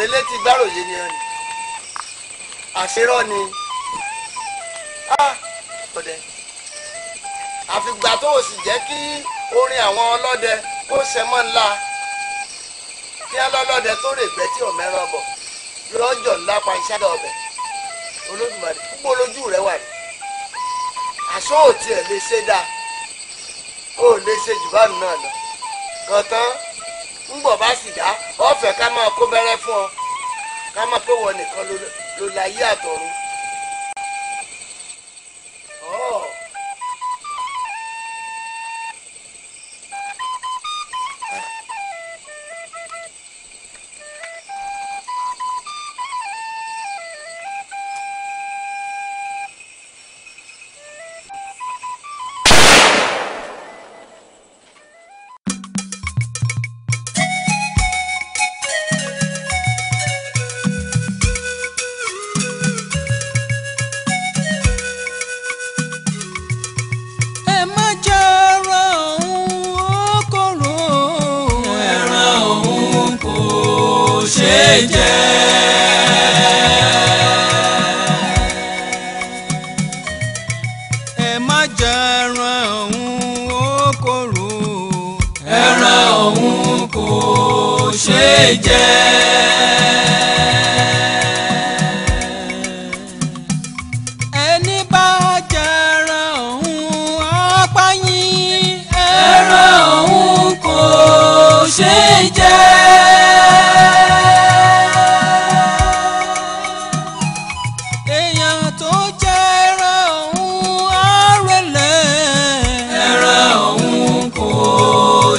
tẹ̀lé létí gbàròyé ni ẹni àṣírọ́ ni ah, ọdẹ àfìgbà tó o sì jẹ́ kí orin àwọn ọlọ́dẹ kó ṣẹmọ́ ńlá kí ọlọ́dẹ tó rè gbẹ́ tí ọ̀mẹ́rán bọ̀ lọ́jọ́ ńlá pa iṣẹ́ ọbẹ̀ olódùmarè púpọ̀ lójú rẹ wà ní àṣọ òtí ẹ̀ lè ṣe dáa ó lè ṣe jù bá nù náà lọ kàn tán ń bọ̀ bá sì dá ọ̀fẹ́ ká máa kó bẹ́rẹ́ fún ọ ká máa pé wọ nìkan ló láyé àtọ̀run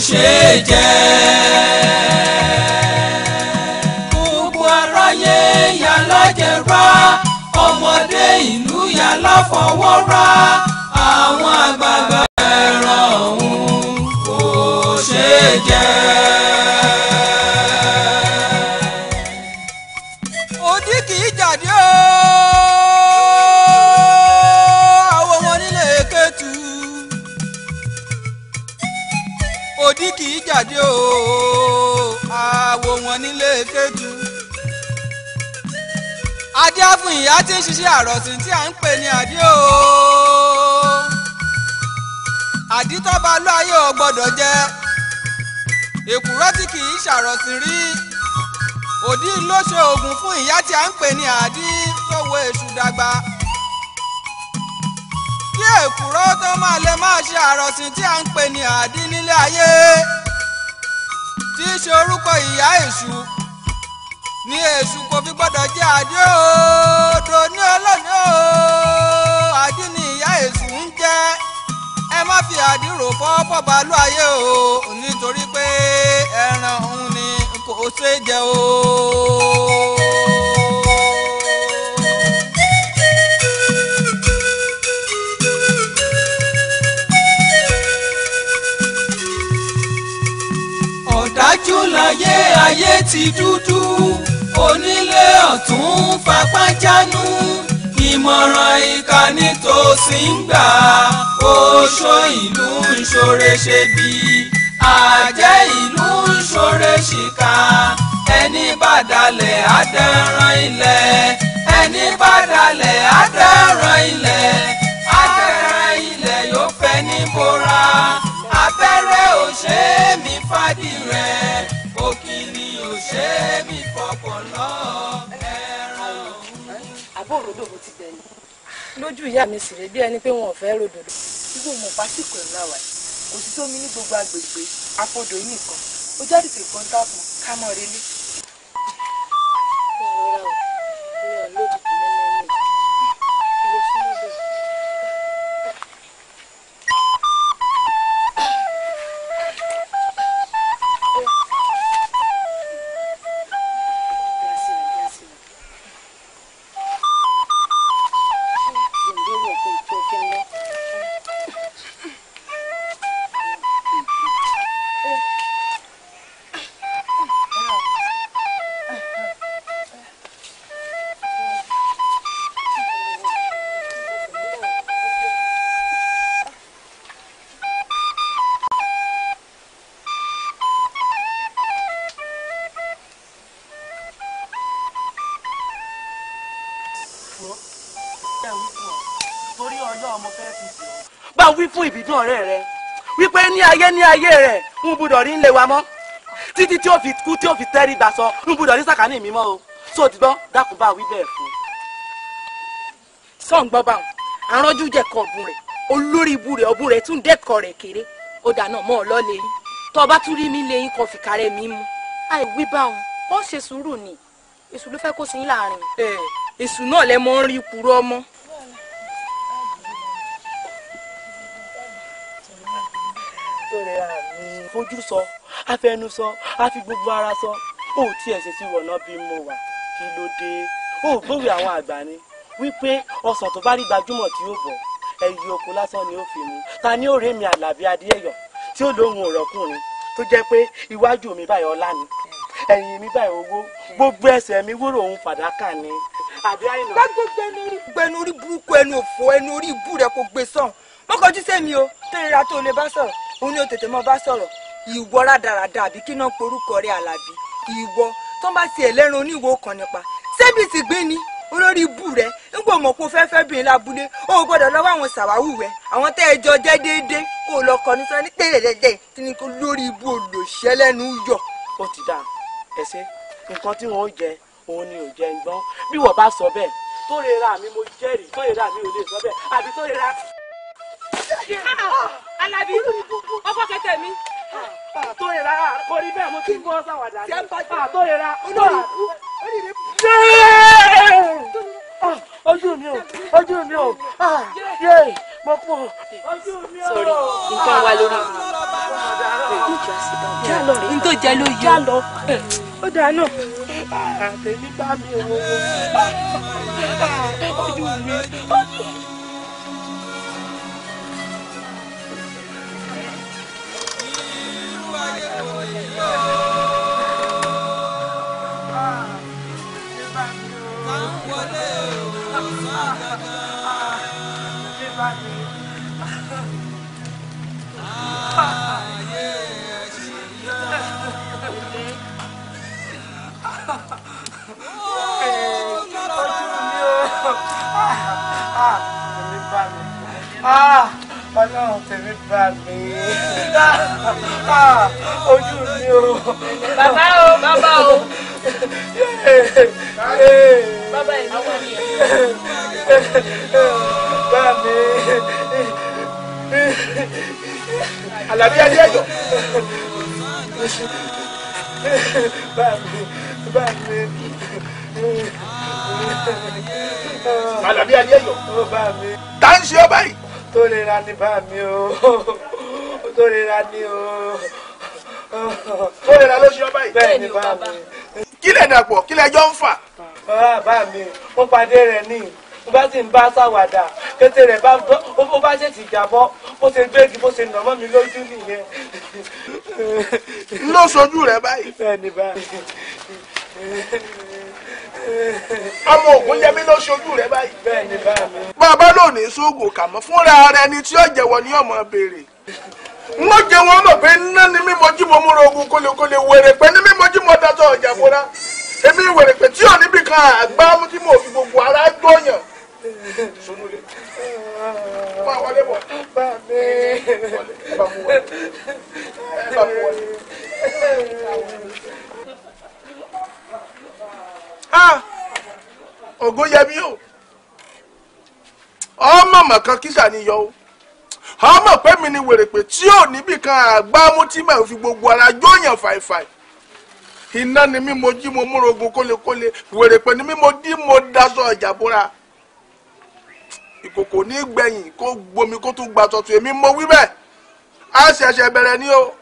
ṣeé jẹ. gbogbo aráyé yàlájẹrà ọmọdé ìlú yàláfọwọ́rá àwọn àgbààgbà. ìyá tí ń ṣiṣẹ́ àròsìn tí à ń pè ní àdí o àdí tó bá lọ ayé ò gbọ́dọ̀ jẹ èkùrọ́ tí kì í ṣàròsìn rí òdí ló ṣe oògùn fún ìyá tí à ń pè ní àdí tó wo èṣù dàgbà kí èkùrọ́ tó máa lè máa ṣe àròsìn tí à ń pè ní àdí nílé ayé tí í ṣe orúkọ ìyá èṣù. Ni èṣù kò fi gbọ́dọ̀ jẹ́ àdí òòdò ní ọlọ́ni o àdí ni ìyá èṣù ń jẹ́ ẹ má fi àdí rò fọ́ pọ̀bálú ayé o nítorí pé ẹran òun ni kò ṣeé jẹ o. ọ̀dájú láyé ayé ti dúdú ọ̀tún fapá jánu ìmọ̀ràn ìkànnì tó sì ń gbà oṣó ìlú ń ṣoore ṣe bí àjẹ́ ìlú ń ṣoore ṣìkà ẹni bá dalẹ̀ adẹ́ran ilẹ̀ ẹni bá dalẹ̀ ilẹ̀ adẹ́ran ilẹ̀ yóò fẹ́ ní bora abẹ́rẹ́ òṣèré. sódò mo ti gbẹ̀yìn lójú ìyá mi sì rè bí ẹni pé wọn ò fẹ́ ròdòdó gbogbo mọ̀ pásíkò ńlá wa kò sí tómi ní gbogbo agbègbè afọdò yìí nìkan ó jáde tè kọ́ńtà kan ká mọ̀ relé. ìrora ò ní ọ̀ lójú wí fún ìbídùn ọ̀rẹ́ rẹ wípé ní ayé ní ayé rẹ ń gbúdọ̀ rí ńlẹ̀ wa mọ́ títí tí ó fi kú tí ó fi tẹ́rí gbà sọ ń gbúdọ̀ rí sàkání mi mọ́ o sóò ti gbọ́ dákun bá wí bẹ́ẹ̀ fún. sọ́ọ̀n gbọ́ bá wọn aránjú jẹ́ kan rẹ̀ olórí ibu rẹ̀ ọ̀bùn rẹ̀ tún dẹ́kọ̀ rẹ̀ kéré ó dáná mọ́ ọ lọ́lẹ̀ yín tọ́ bá tún rí mi lé yín kan fìkà rẹ̀ mí mu. àìwí bá wọn ó ṣe sùúrù ni èṣù ló fẹ́ kó sí yín láàrin. èṣù náà fojú sọ afẹnu sọ afi gbogbo ara sọ ó tiẹ̀ ṣe sí wọ̀nà bí mo wà kí ló dé ó gbórí àwọn àgbà ni wípé ọsàn tó bá rí gbajúmọ̀ tí ó bọ̀ ẹyí oko lásán ni ó fi mu ta ni ó rèé mi àlàbí adéyọ̀ tí ó lóhun ọ̀rọ̀kùnrin tó jẹ́ pé iwájú mi báyìí ọlá ni ẹ̀yìn mi báyìí owó gbogbo ẹsẹ̀ mi wúrò òun fàdákà ni. àbí àyìnà. gbàgbé gbẹnuri gbẹnuri burúkú ẹnu òfò ẹnu orí ìbú rẹ kò gbé sàn mọ́kànjú sẹ́mi o tẹ́lẹ̀ ra tó o lè bá sọ̀rọ̀ òun ni o tètè mọ́ bá sọ̀rọ̀ ìwọ rádaràda àbí kí náà porúkọ rẹ àlàbí ìwọ tó ń bá ti ẹlẹ́ran oníwo kan nípa ṣebí ti gbé ni olórí ibù rẹ ń gbọ́ mọ̀ kó fẹ́ fẹ́ bìnrin lábúlé ó gbọ́dọ̀ lọ́wọ́ àwọn sàwáwù rẹ àwọn tẹ́ ẹ jọ jẹ́ déédéé kó lọ kọ ní sọ́ni tẹ́lẹ̀dẹ́dẹ́ tí ni kó lórí ibù olùṣẹ́ lẹ́nu yọ. ó ti dà ẹsẹ nǹkan tí wọn ó jẹ òun ni ò jẹ ń bí wọ́n bá sọ bẹ́ẹ̀ tó lè ra mi mo jẹ́rìí tó lè ra mi ò lè sọ bẹ́ẹ̀ àbí tó lè ra. Ah, Alábí ọkọ kẹtẹ mi kí n bọ́ sáwàdà ní àtọ́ ìra náà ojú mi o ojú mi o ah, yé mo kú o. sọrí nǹkan wà lórí mi. já lọ n tó jẹ ló yọ. já ó dáa náà. Ah, mi òwò ah, ojú mi. Ah! ọlọ́run tèmi bá mi ah, ah, ojú mi o. bàbá o bàbá o. bàbá yìí àwọn ènìyàn. bá mi. Àlàbí adé ẹjọ. bá mi bá mi. Àlàbí adé ẹjọ. bá mi. tá ń ṣe ọ báyìí tó lera ní bá mi o tó lera ní o tó lera ló ṣe ọba yìí. bẹ́ẹ̀ ni bá mi. kí lè dàpọ̀ kí lè jọ ń fà. bá mi mo pàdé rẹ̀ ní mo bá sì ń bá ṣàwàdà kété rẹ̀ bá bó bá ṣètì ìjàbọ̀ bó ṣe gbégi bó ṣe nàmọ́ mi lójú nìyẹn. ló sojú rẹ̀ báyìí. bẹ́ẹ̀ ni ọmọ ògùn yẹmí ló ṣojú rẹ báyìí. bẹ́ẹ̀ni bá mi. bàbá lónìí sóògùn kàmọ fúnra rẹ ni tí ó jẹ́wọ́ ní ọmọ béèrè wọ́n jẹ wọn mọ̀ pé ná ni mímọ jí mo múra ogun kólekóle wèrè pé ní mímọ jí mo dájọ́ ọjà fúnra èmi wèrè pé tí ò níbi kan àgbá mú tí mo fi gbogbo ara gbọ́yàn. sonule máa wọlé bọ̀ mi bá mu ògo yẹmi o ọmọ mọ̀kan kíṣà ni yọ o ọmọ pé mi ni wèrèpè tí ò níbì kan àgbámú tí màá fi gbogbo ara jóyàn fàìfàì iná ni mí mo jí mo múra ogun kólekóle wèrèpè ni mí mo dí mo daṣọ ọjà bóra ìkòkò ní gbẹ̀yìn kó gbomi kó tún gba èmi mo wí bẹ́ẹ̀ a ṣẹ̀ṣẹ̀ bẹ̀rẹ̀ ni o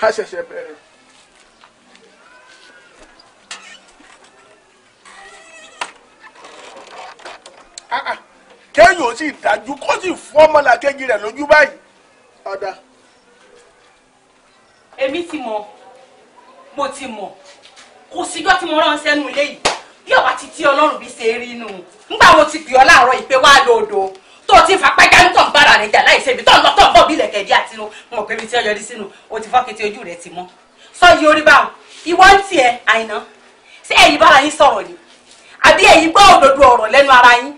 a ṣẹ̀ṣẹ̀ bẹ̀rẹ̀. Ah, ah. kéèyàn ó sì dájú kó sì fún ọmọlàkejì rẹ̀ lójú báyìí ọ̀dà. èmi ti mọ̀ mo ti mọ̀ kò síjọ́ tí mo rán sẹ́nu ilé yìí bí ọba ti tí ọlọ́run bí ṣe rí inú nígbà wo ti pè ọ́ láàárọ̀ ìpè wá lòdò tó o ti fà pẹ́gánú tó ń bára rẹ̀ jà láì ṣèbí tó ń lọ tó ń bọ̀ bí ilẹ̀kẹ̀ dí àtinú mo pè mí tí ó yọrí sínú o ti fọ́ kété ojú rẹ̀ ti mọ́ sọ́yìí orí báwọn ìwọ ń tiẹ̀ àìná ṣé ẹ̀yin bára yín sọ̀rọ̀ ni àbí ẹ̀yin gbọ́ òdodo ọ̀rọ̀ lẹ́nu ara yín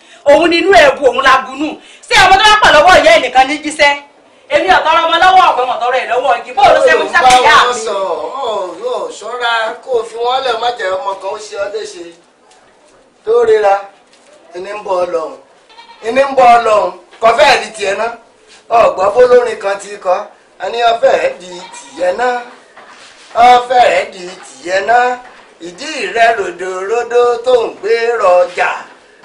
òun ni inú ẹ̀bù òun la gunú ṣé ọmọ tó bá pọ̀ lọ́wọ́ ìyá ẹnìkan ní jíṣẹ́ èmi ọ̀tọ́rọ̀ ọmọ lọ́wọ́ ọ̀pẹ wọn tọrọ ẹ̀ lọ́wọ́ igi bóòlù sẹ́wọ́n ti sàkóyà mi. báwo ló sọ ọ ṣọ́ra kó o fi wọ́n lẹ̀ má jẹ́ ọmọ kan ó ṣe ọ léṣe tó rira ìní ń bọ ọlọ́run ìní ń bọ ọlọ́run kọfẹ́ ẹ̀ di tiẹ̀ ná ọ̀gbọ́n bólórin kan ti kọ́ ẹni ọfẹ́ di tiẹ̀ ná ọfẹ́ di tiẹ̀ ná ìdí rẹ ròdòròdò tó ń gbé rọjà.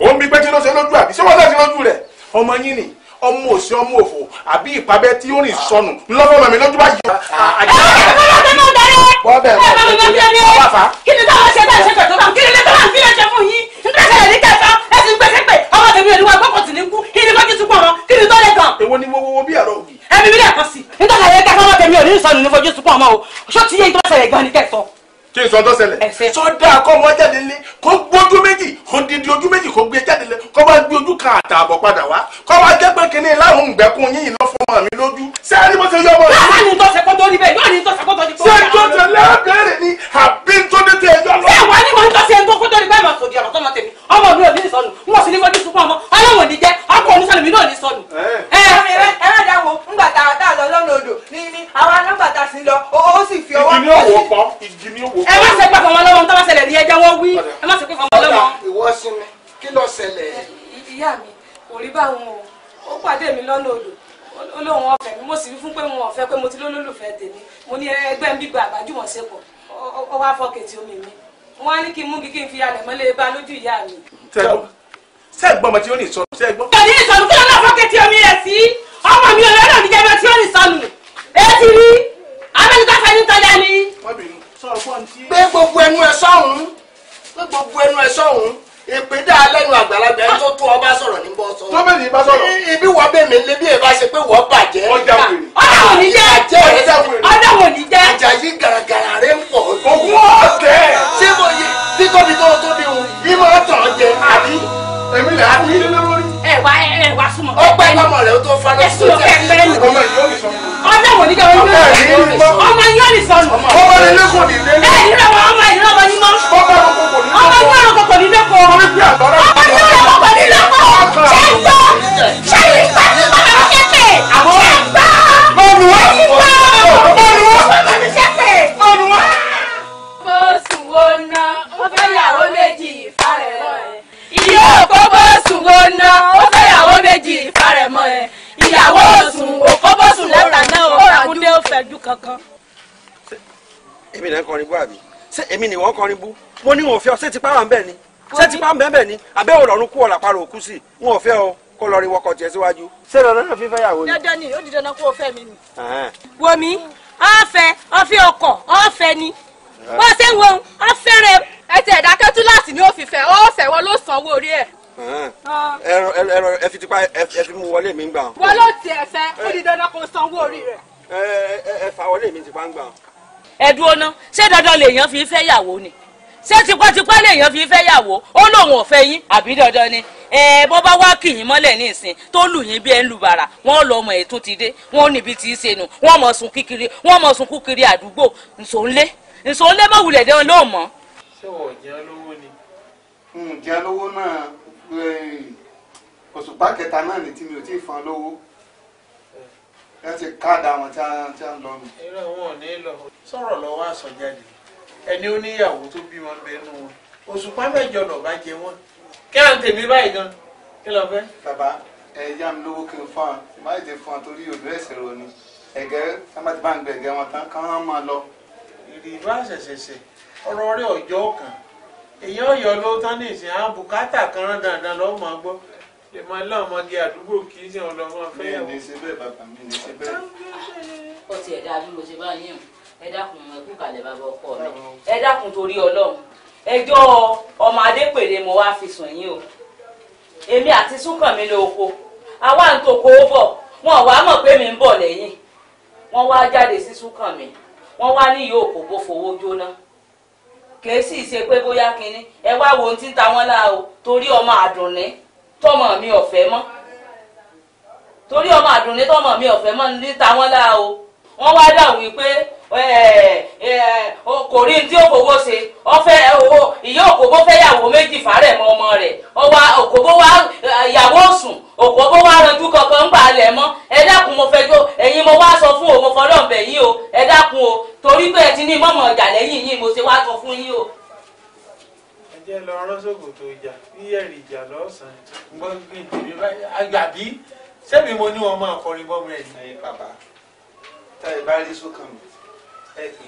òun bí pé kí ló ṣe lójú àbí ṣé wọ́n náà ṣe lójú rẹ̀ ọmọ yín ni ọmọ òsì ọmọ òfò àbí ìpàbẹ tí ó rìn sọnù lọ́wọ́ mọ̀mí lójú bá yí. Ah, ah, ah, wọ́n bẹ̀rẹ̀ fún mi wọ́n bá fa. nígbà ṣẹlẹ̀ ní kẹta ẹ̀sìn ọmọ tèmi òní ní kú ní fojú túbọ̀ ọmọ o ṣó ti yé ìtọ́sẹ̀lẹ̀ gan ni kẹsàn-án kí n sọ ọdọ ṣẹlẹ̀ sọdá akọmọ jáde lé kó gbójú méjì odidi ojú méjì kó gbé jáde lé kó bá gbé ojú kan àtààbọ̀ padà wá kó bá jẹ́ pé kínní láwọn ìgbẹ́kùn yín lọ fún ọmọ mi lójú ṣé a ní yọ ọmọ rẹ. yóò ní ṣe kó tó rí bẹ́ẹ̀ yóò ní ṣe kó tó rí bẹ́ẹ̀. ṣé tó ṣe ni àbí tó dé tẹ̀ ẹjọ́ lọ. ṣé ni mo ń tọ́ ṣe ń tó kó tó rí bẹ́ẹ̀ lọ́sọ̀dì ọ̀rọ̀ tọ́mọ tèmi ọmọ mi ẹ má ṣe pé fọmọ lọ́wọ́ tó bá ṣẹlẹ̀ ní ẹjẹ́ wọ́n wí ẹ má ṣe pé fọmọ lọ́wọ́. ìwọ sinmi kí ló ṣẹlẹ̀. ìyá mi kò rí báwọn o ó pàdé mi lọ́nà odò olóhùn ọ̀fẹ́ mi mo sì fún pé wọn ọ̀fẹ́ pé mo ti lólùfẹ́ tèmi mo ní ẹgbẹ́ ń bígbà àbájúmọ̀ sẹ́pọ̀ ó wá fọkẹ̀tì omi mi wọn á ní kí n mú kí kí n fi alẹ̀ mọ́lẹ̀ bá lójú ìyá mi. sẹ́gbọ́n ọmọ tí ó ní ìsọnù sẹ́gbọ́n. kàdí ìsọnù kí ló náà fọkẹ̀tì omi gbé gbogbo ẹnu ẹ sọ́hún gbé gbogbo ẹnu ẹ sọ́hún èpè dá lẹ́nu àgbàlagbà ẹni tó tó ọba sọ̀rọ̀ ní bọ́ sọ. tọ́bẹ̀lì ìbá sọ̀rọ̀. ibi wọ́n bẹ̀ mí lé bí èèbá ṣe pé wọ́n bàjẹ́. ọjà wèrè. ọjà wò ní jẹ́ ọjà wèrè. ọjà wò ní jẹ́. ọjà yìí gàràgàrà rẹ̀ ń pọ̀. ògùn ọ̀sẹ̀. ṣé mo yẹ tí tó tóbi hù bí mo tàn jẹ àbí. èmi lè á ẹ wá ẹ wá súnmọ́. ó pẹ́ kọ́mọ rẹ̀ ó tó fa lọ sí ọjọ́ ìpẹ́rẹ́ mi. ọmọ yóò lè sọnù. ọmọ wò ní kí ọmọ yóò lè sọnù. ọmọ yóò lè sọnù. ọmọ rẹ̀ lẹ́kọ̀ọ́ ní ilé. ẹ ìlú ọmọ ọmọ ìlú ọmọ yín mọ́. ọmọ yóò rọ kọkọ ní lẹ́kọ̀ọ́. ọmọ yóò rọ kọkọ ní lẹ́kọ̀ọ́. ṣé ń gbọ́ ṣé ń gbọ́ ṣé ń gbọ́ ṣé ń gbọ́ ṣé ń gbọ́ Oṣù wo ná? Ó fẹ́ yàwó méjì ìfarẹ̀ lọ́rẹ̀ ìyá òkóbó sùn wo ná ó fẹ́yàwó méjì ìfarẹ̀mọ́ ẹ̀ ìyàwó òsùn òkóbó sùn lẹ́tà náà ó ràkúndé ó fẹ́jú kankan. èmi náà kọrin bú àbí ṣé èmi ni wọ́n kọrin bú mo ní wọn ò fẹ́ ọ ṣé tipa wà ń bẹ̀ ni ṣé tipa ń bẹ́ẹ̀ bẹ́ẹ̀ ni àbẹ́ òrọ̀rùn kú ọ̀là parọ̀ òkú sí wọn ò fẹ́ ọ kó lọ rí wọkọ̀ tiẹ̀ síwájú. ṣé dandan náà fífẹ́ yàwó ni. dandan ni ó di dandan kó o fẹ́ mi ni. wo mi ọ̀fẹ́ ọ̀fẹ́ ọkọ̀ ọ̀fẹ́ ni bó ṣe ń wo ọ fẹ́rẹ̀ ẹtì ẹ̀dá kẹ́tù láti ní òfìfẹ́ ọ fẹ́ wọn ló sanwó orí ẹ̀. ẹran ẹran ẹ fi tipa ẹ fi mú wọlé mi gbà. wọn ló tiẹ̀ fẹ́ ó di dandan kó sanwó orí rẹ̀. ẹ ẹ ẹ fà wọlé mi tipa ń gbà. ẹ dúró ná ṣé dandan lèèyàn fi fẹ́ yàwó ni ṣé tipátipá lèèyàn fi fẹ́ yàwó ó lóun ò fẹ́ yín àbí dandan ni ẹ bọ́ bá wá kì yín mọ́lẹ̀ ní ìsìn tó lù yín bí ẹ ń lu bàrà wọ́n lọ ọmọ ẹ̀ tún ti dé wọ́n níbi tí í ṣe nù wọ́n mọ̀ sùn kíkiri wọ́n mọ̀ sùn kúkiri àdúgbò nsòńlé nso ó lé mọ̀ wulẹ̀ dán ló mọ̀. ṣé o jẹ́ lówó ni. n jẹ́ lówó náà òṣùpá kẹta náà ni tí mi ò tí ì fọn lówó ẹ ti káàdà àwọn tí a ń lọ nù. irú àwọn ò ní lọ sọ̀rọ̀ lọ́wọ́ àsọjáde ẹni ó níyàwó tó bí wọn bẹ nù wọn òṣùpá mẹ́jọ lọ bá jẹ wọn kí à ń tèmi báyìí gan kí lọ fẹ́. bàbá ẹ yá mi lówó kí n fún wa má yìí ti fún wa torí òdúrẹ́sì rò ni ẹ̀gẹ́ sábà bá ń gbẹ̀gẹ́ wọn tán káwọn máa lọ gidi ìbá ṣẹ̀ṣẹ̀ṣẹ̀ ọ̀rọ̀ rẹ̀ ọ̀jọ́ kan èyí ọ̀yọ́ ló tán ní ìsìn àwọn bùkátà kan rán dandan lọ́ mọ̀ gbọ́ lè máa lọ́ ọmọge àdúgbò kì í ṣe ọ̀dọ̀ ọmọ fẹ́ yẹ̀wò. mi ní ṣe bẹ́ẹ̀ bàbá mi ní ṣe bẹ́ẹ̀. ó ti ẹ̀dá bí mo ṣe bá yín ẹ dákun ẹkú kalẹ̀ bàbá ọkọ mi ẹ dákun torí ọlọ́run ẹjọ́ ọmọ adépèrè mo wá fi sùn yín o èmi àti súnkànmí ló oko àwa ń tòkó bọ̀ wọn wàá mọ̀ pé mi ń bọ̀ lẹ́yìn wọ́n wá jáde sí súnkànmí. wọ́n wá ní yóò kò bó fowó jóná kìí sì ṣe pé bóyá kínní ẹ wá wo ohun tí ń ta wọn láà o torí ọmọ àdùnní tọmọ mi ọ̀fẹ́ mọ́ torí ọmọ àdùnní tọmọ mi ọ̀fẹ́ mọ́ ní ta wọn láà o wọ́n wá wí pé. Eh, eh, kò rí tí òkòwò ṣe ọfẹ owó ìyá òkòwò fẹ́ yàwó méjì fàárẹ̀ mọ́ ọmọ rẹ̀ ọwọ́ òkòwò wa eh, ìyàwó sùn kankan ń gbà mọ́ ẹ mo fẹjọ́ ẹ̀yin mo wá sọ fún o mo fọlọ́ o o torí pé ẹ ti ní lẹ́yìn yìí mo ṣe wá sọ fún o. ẹ jẹ́ lọ rọ́ṣọ́gbò tó ẹ pè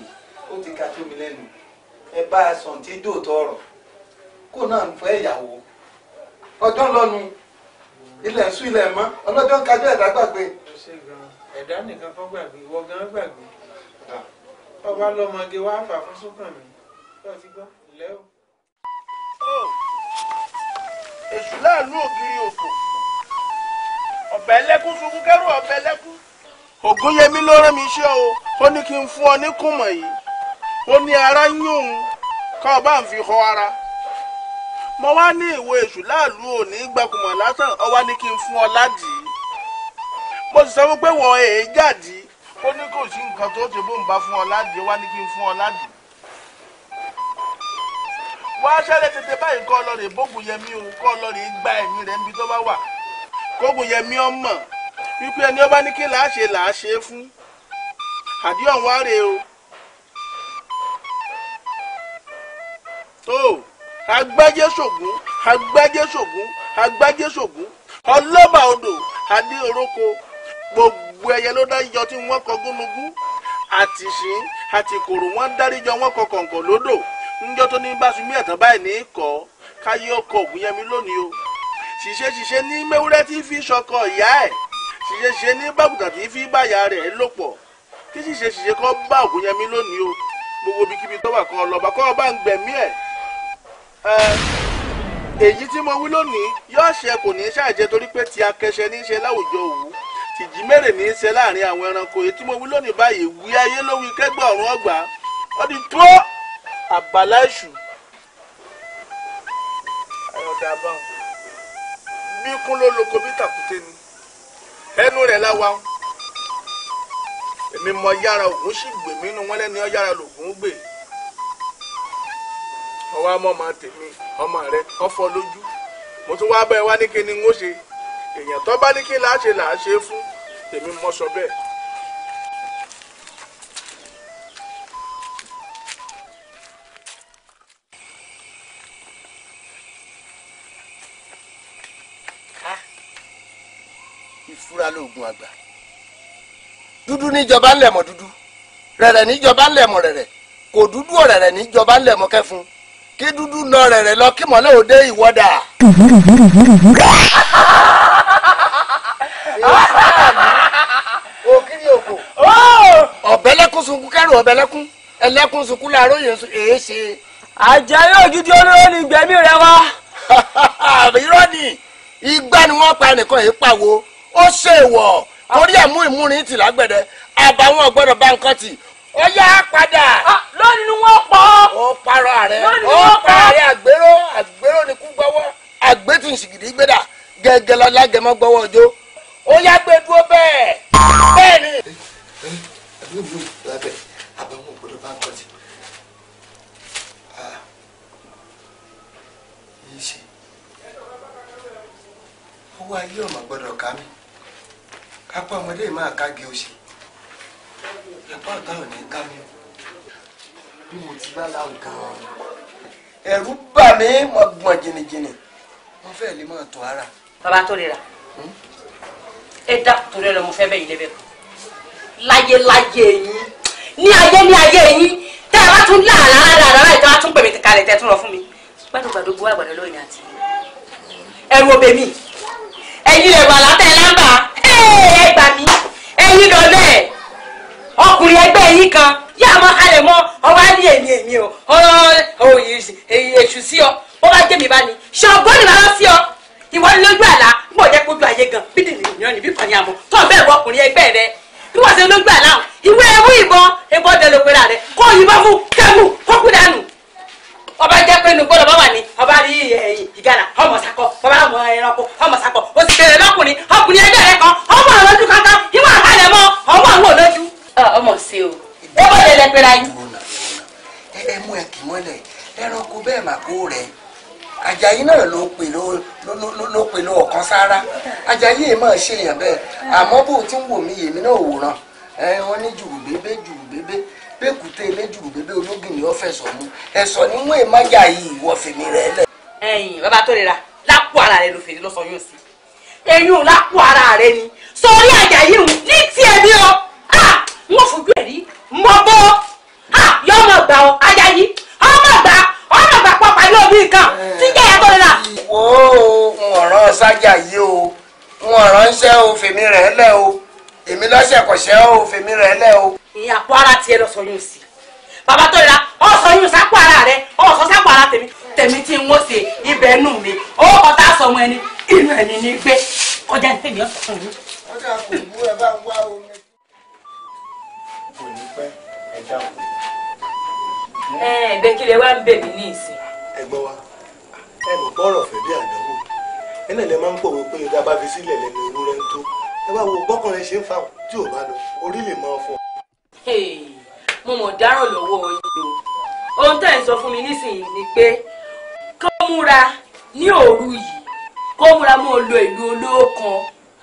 ó ti ka tó mi lẹ́nu ẹ bá a sàn tí dòótọ́ ọ̀rọ̀ kó náà fẹ́ ìyàwó ọjọ́ lọ́nu ilẹ̀ ń sún ilẹ̀ mọ́ ọlọ́jọ́ ń kájọ́ ẹ̀dá gbàgbé. ẹ̀dá nìkan kọ́ gbàgbé ìwọ gan gbàgbé ọba lọmọge wá fà fún Súnkànmí lọ ti gbọ́ lẹ́ o. èṣù láàánú ògiri òkò ọ̀bẹ ẹlẹ́kún sunkún kẹ́rù ọ̀bẹ ẹlẹ́kún ògúnyẹmí ló rán mi iṣẹ́ o ó ní kí n fún ọ ní kùmọ̀ yìí ó ní ara ń yún un ká ọ bá ń fi họ ara mo wá ní ìwé èṣù láàlú òní gbàkùmọ̀ lásán ọ wá ní kí n fún ọ ládìí mo sì sọ wípé wọn èé jáde ó ní kò sí nǹkan tó ti bó ń bá fún ọ ládìí ó wá ní kí n fún ọ ládìí wá ṣẹlẹ̀ tètè báyìí kọ ọ lọ rè bógun yẹmí o kọ ọ lọ rè gba ẹ̀mí rẹ níbi tó bá wà kógun yẹmí ọmọ wípé ẹni ọba ní kí làá ṣe làá ṣe fún àbí ọ̀hún wá rèé o. tó agbájé ṣògùn agbájé ṣògùn agbájé ṣògùn ọlọ́ba odò adé oróko gbogbo ẹyẹ ló dá yọ tí wọ́n kọ gúnugún àtìṣín àtìkòrò wọ́n dáríjọ wọ́n kọ kọ̀ǹkọ̀ lódò ńjọ́ tó ní báṣubí ẹ̀tàn báyìí ní kọ́ káyé ọkọ̀ ògùnyẹmí lónìí o ṣìṣe ṣìṣe ní mẹ́wúrẹ́ tí fi ṣọkọ ìyá ẹ̀ ṣìṣeṣe ní bàbùtà tí fi báyà rẹ̀ lò pọ̀ kí ṣìṣe ṣìṣe kọ́ bá Ògúnyẹmí lónìí o gbogbo ibikíbi tó wà kan lọ́ba kọ́ ọba ń gbẹ̀mí ẹ̀ èyí tí mo wí lónìí yóò ṣe kò ní í ṣàìjẹ torí pé ti akẹṣẹ ní í ṣe láwùjọ òwú tìjí mèrè ní í ṣe láàrin àwọn ẹranko èyí tí mo wí lónìí báyìí wí ayé lówí kẹgbẹ ọrùn ọgbà ó di tó àbálá èṣù ayọ̀dà àbáwọn bí kún ló lóko bí tàkúté ni ẹnu rẹ̀ láwa o èmi mọ yára ògùn sì gbè mí inú wọn lẹ́ni ọ yára lògùn gbè ọwọ́ àmọ́ ọmọ tèmi ọmọ rẹ ọfọ lójú mo tún wá bẹ́ẹ̀ wá ní kíni ń ó ṣe èèyàn tó bá ní kí là ṣe là ṣe fún èmi mọ sọ bẹ́ẹ̀. lóògùn àgbà dúdú níjọba ńlẹ̀mọ̀ dúdú rẹ̀rẹ̀ níjọba ńlẹ̀mọ̀ rẹ̀rẹ̀ kò dúdú ọ̀rẹ̀rẹ̀ níjọba ńlẹ̀mọ̀ kẹfun kí dúdú lọ rẹ̀rẹ̀ lọ kí mọ́lẹ́ òde ìwọ́dà. òkìrì sunkún kẹ́rù ọ̀bẹ̀lẹ́kùn ẹlẹ́kùn sunkún làárọ̀ yẹn ṣe. àjẹyọ̀ ògidì olóró ni gbẹ̀mí rẹ wá. irọ́ ni igbá ni wọ́n pa ẹnìkan yìí pàwo ó ṣèwọ̀ torí ẹ̀ mú ìmúrin tì lágbẹ̀dẹ àbàwọn ọ̀gbọ́dọ̀ bá nǹkan tì ó yá padà. Ah, lónìí wọn pọ. ó parọ́ rẹ̀ ó parọ́ rẹ̀ àgbérò àgbérò ni kú gbọ́wọ́ àgbétùnsìgìdì gbéra gẹ́gẹ́ lọ́lá gẹ́mọ́ gbọ́wọ́ ọjọ́ ó yá gbé dúró bẹ́ẹ̀ bẹ́ẹ̀ ni. àbàwọn ọ̀gbọ́dọ̀ bá nǹkan tì. owó ayé ọmọ gbọ́dọ̀ ká mi kápá ọmọdé máa kági ó ṣe apá ọ̀tá ò ní ká mi o bí mo ti bá láwùn gan-an ẹ̀rù bà mí mo gbọ̀n jìnnìjìnnì mo fẹ́ lè máa tó ara. bàbá tó lè rà hmm? ẹ dákun torí ẹ lọ mo fẹ́ bẹ́yìn lẹ́bẹ̀ẹ́ kan láyé láyé yín ní ayé ní ayé yín tẹ́ ẹ bá tún láàlá láàlá láì tẹ́ ẹ bá tún pèmí kalẹ̀ tẹ́ ẹ tún lọ fún mi gbàdúgbàdú gbowó àgbàdo lóyìn àti ẹrù obèmí ẹ̀yin ẹ̀rù àlátẹ̀ lámbà ẹ gbà mí ẹ̀yin lọlẹ ọkùnrin ẹgbẹ́ yìí kan yá a máa halẹ̀ mọ́ ọba ní èmi èmi o ọ̀rọ̀ òye èṣù sí ọ ó bá jẹ́ mi bá ní ṣọ̀gbọ́n ni màá sí ọ ìwọ ni lójú àlá mo jẹ́ kójú ayé gan bí ni ènìyàn níbí kan ní àmọ́ tó bẹ́ẹ̀ wọ ọkùnrin ẹgbẹ́ rẹ bí wọ́n ṣe lójú àlá ìwé ẹ̀mú ìbọn ẹ̀bọ́n dẹ̀ ló pera rẹ kó òyìnbó fún kẹ́mù kókù dànù ọba jẹ́ pé inú gbọ́dọ̀ bá wà ní ọba rí ìgalà ọmọ sakọ ọba ọmọ ẹranko ọmọ sakọ o sì bẹ̀rẹ̀ lọ́kùnrin ọkùnrin ẹgbẹ́ rẹ kan ọmọ àwọn ojú kankan ìwọ àkàlẹ̀ mọ́ ọmọ àwọn olójú. ọmọ sí o ẹ bọ́ lẹ́lẹ́ pé ra yín. ẹ mú ẹ kì mọ́lẹ̀ ẹranko bẹ́ẹ̀ mà kó rẹ̀ àjàyí náà ló pè ló pè ló ọ̀kan sára àjàyí èèmọ̀ ṣèyàn bẹ́ẹ̀ àmọ́ bó ti ń wò mí yèmí náà wòran ẹ wọn ní jùrù bébé jùrù bébé bẹ́ẹ̀kútẹ́ elédùn bébé ológin ni ó fẹ̀sọ̀ mú ẹ̀sọ̀ ni wọ́n má jà yìí ìwọ fèmí rẹ lẹ̀. ẹ̀yin bàbá tó rira lápò ara rẹ ló fèrè lọ yóò sí ẹ̀yin ò lápò ara rẹ ni sọrí àjà yìí rùn ní tiẹ̀ bí ọ n ò fojú ẹ̀ rí mọ bọ́ yọ ọmọ gbà ọ ajá yìí ọmọ gbà ọmọ gbà pọ̀ pàdé òbí kan tí jẹ́ ìyá tó rira. wo ń ọ̀ràn sájà yìí o ń ọ̀ràn ń ṣẹ́ o fèmí rẹ̀ lẹ́ o èmi lọ́sẹ̀ kò ṣẹ́ o fèmi rẹ̀ lẹ́ o. ìyẹn àpò ara tiẹ̀ lọ sọyún sí bàbá tó ra ọ sọyún sápò ara rẹ ọ sọ sápò ara tèmi tèmi tí n ó ṣe ibẹ̀ nù mí ó ọ̀tá sọmọ ẹni inú ẹni ní gbé ọjà ń tèmi ọ̀sán fún mi. ọjà kò bú ẹ bá ń wá omi. kò ní pẹ́ ẹ dákun. ẹ ẹgbẹ́ kí lè wá ń bè mí ní ìsìn. ẹ gbọ́ wa ẹ mọ̀ bọ́rọ̀ fẹ́ bí àdánwò ẹ náà lè máa ń pòwe pé ìdá sílẹ̀ lẹ́nu ewúrẹ́ ń tó ẹ wá wo bọ́kùnrin ṣe ń fa tí ò bá lọ orí lè máa fọ. mo mọ̀ dáràn lọ́wọ́ yìí o ohun tẹ́ ẹ̀ sọ fún mi nísìnyí ni pé kó múra ní òru yìí kó múra mọ́ lo ìlú olówó kan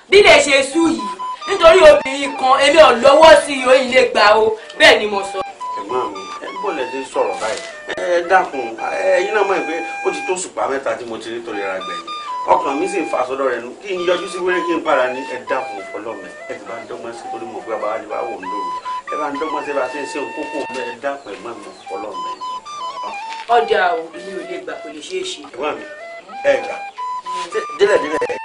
bí lè ṣe sú yìí nítorí obìnrin kan èmi ò lọ́wọ́ sí i òyìn lè gbà o bẹ́ẹ̀ ni mo sọ. ẹ̀gbọ́n mi ẹ bọ̀ lẹ́sẹ̀ sọ̀rọ̀ báyìí ẹ dákun ẹ̀yin náà mọ̀ pé ó ti tó ṣùpá mẹ́ta tí mo ti rí torí ra gbẹ̀yìn ọkàn mi sì ń fa sọ́dọ̀ rẹ̀ nu kí n yọjú sí wẹ́rẹ́ kí n para ní ẹ dákun fọlọ́mẹ ẹ ti bá ń dọ́gbọ́n sí torí mo gbé bàbá àdìbò àwọn òun lóru ẹ bá ń dọ́gbọ́n sí bá ṣe ń ṣe òun kókó mẹ ẹ dákun ẹ mọ fọlọ́mẹ. ọjà o mi ò lè gbà kò lè ṣeé ṣe. ẹ̀gbọ́n mi ẹ gbà délẹ̀ délẹ̀.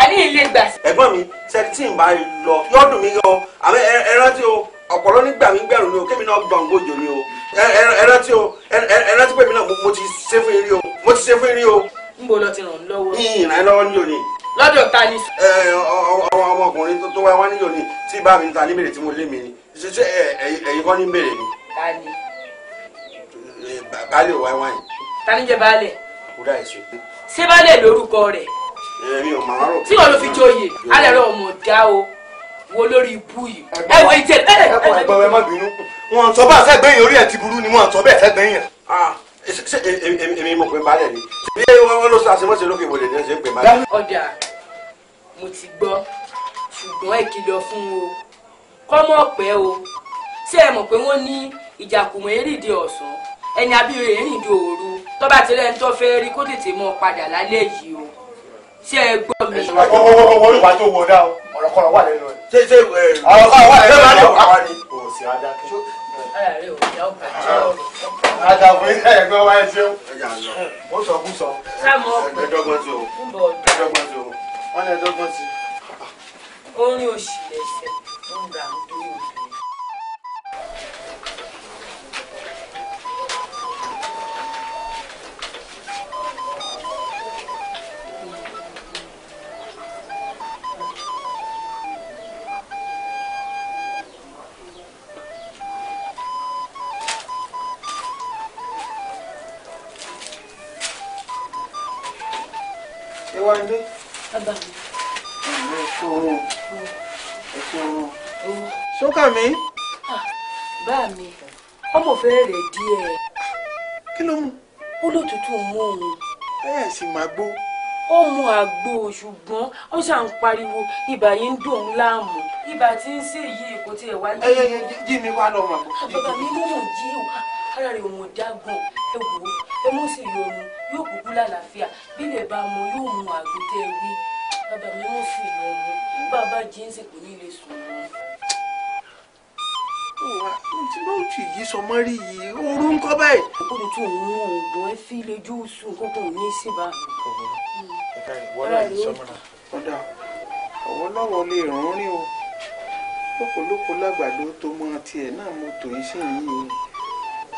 a ní ilé gbà. ẹ̀gbọ́n mi sẹ́tí bá lọ yọ́dún mi yọ àmọ́ ẹ rántí o ọ̀pọ̀lọ́ nígbà mi gbẹ̀rù ni o kémi náà gbọ̀ngbòjò ni o ẹ rántí o ẹ rántí pé mi náà mo ti ṣe fún irí o mo ti ṣe fún irí o níbo lọ ti ràn mí lọ́wọ́. ìrìn lọ́wọ́ ní òní. lọ́dọ̀ ta ni. ọmọkùnrin tó wá wá ní òní tí bá mi ta ní bèrè tí mo lé mi ni ṣe ṣe ẹ̀yin kọ́ ní bèrè mi. ta ni. baálẹ̀ wá wáyìn. ta ni jẹ baálẹ̀. kúrò àìsàn. ṣé baálẹ̀ lórúkọ rẹ̀. èmi ò máa rò. tí wọn ló fi joyè alẹ́ rẹ̀ ọmọ ọ̀dá o wo lórí ibú yìí. ẹ wo ìtẹ. ẹ kọ ẹgbẹ wẹ má bínú. wọn sọ bá àṣẹgbẹyìn orí ẹ ti burú ni wọn sọ bẹ́ẹ̀ àṣẹgbẹyìn ṣe èmi mo pè malẹ ni bí wọn ló sọ àṣemọ́sẹ̀ lókè ìwòlè ni wọn ṣe ń pè malẹ. ọ̀dà mo ti gbọ́ ṣùgbọ́n ìkìlọ̀ fún o kọ́mọ̀ pẹ́ o tí ẹ mọ̀ pé wọ́n ní ìjàkùmọ̀ eréde ọ̀sán ẹni abíire èrìndì òru tọ́ba ti rẹ̀ ń tọ́ fẹ́ rí kó tètè mọ́ padà lálẹ́ yìí o tí ẹ gbọ́ mi. ọwọ́ olùwà tó wọ dá o ọ̀rọ̀ kọ́ra wà lẹ́nu ẹ̀. ṣé ṣé ọ̀rọ̀ kọ́ra wà lẹ́nu ẹ̀ ara rẹ ò yá ò bá jẹ́ ọ̀rẹ́. àtàwọn ilé ẹgbẹ́ wa ẹ ṣeun ó sọ kú sọ ẹgbẹ́dọ́gbọ́n sí o ẹgbẹ́dọ́gbọ́n sí o wọ́n ní ẹgbẹ́dọ́gbọ́n sí. orin òṣìlẹ̀ ẹsẹ̀ ń ra nítorí òde. wá ilé. Sókàmí. Bá mi, ọmọ fẹ́ rẹ̀ díẹ̀. Kí ló mú? Ó lótùtù mú òun. Bẹ́ẹ̀ sì máa gbó. Ó mu àgbo ṣùgbọ́n ó ṣà ń pariwo ibà yìí ń dùn láàmú. Ibà tí ń ṣe yìí kò tiẹ̀ wá. Ẹ yẹ yẹ jí mi wá lọ màgbọ́. Ah, bàbá mi mú mò jí o. Ah, ara rẹ̀ òun jágbọ̀n ẹ wò ó ẹ mú yóò kúkú lálàáfíà bí lè bá mu yóò mu àgbo wí bàbá mi mú sí ìyọnu bàbá jíǹsì kò ní lè sùn mọ́. tí ló ti yí sọmọ rí yìí ooru ń kọ́ báyìí. ó ní tí mú oògùn ẹ fi sùn kókó ní síbà. ìwọ náà yí sọmọ náà. lè rán rìn o lókolóko lágbàdo tó mọ tiẹ̀ náà mo tò yín sí yìí o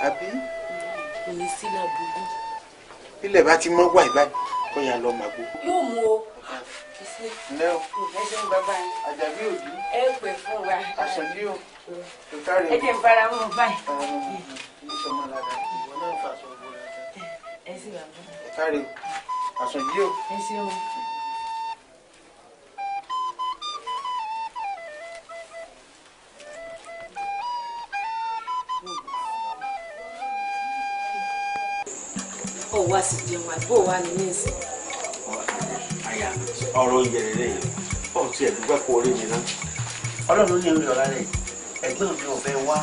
àbí. kò ní sí làbúgbó. ilẹ̀ bá ti mọ́ wáyé báyìí kó yà lọ màgbó. yóò mú o. Ah. ǹlẹ́ o. ẹ ṣeun bàbá yín. àjàbí òbí. ẹ pè fún wa. àṣàlí o. ẹ jẹ́ ìbára mọ̀ báyìí. ẹ sì bàbá. ẹ káre o. àṣàlí o. ẹ ṣeun. wá sí jẹun àbó wa ní nísìn. àyà ọ̀rọ̀ oúnjẹ rẹ̀ lẹ́yìn ọ̀hún ti ẹ̀dúgbà kú orí mi náà ọlọ́run ló ní orí ọ̀la rẹ̀ ẹ̀gbọ́n mi ò fẹ́ wá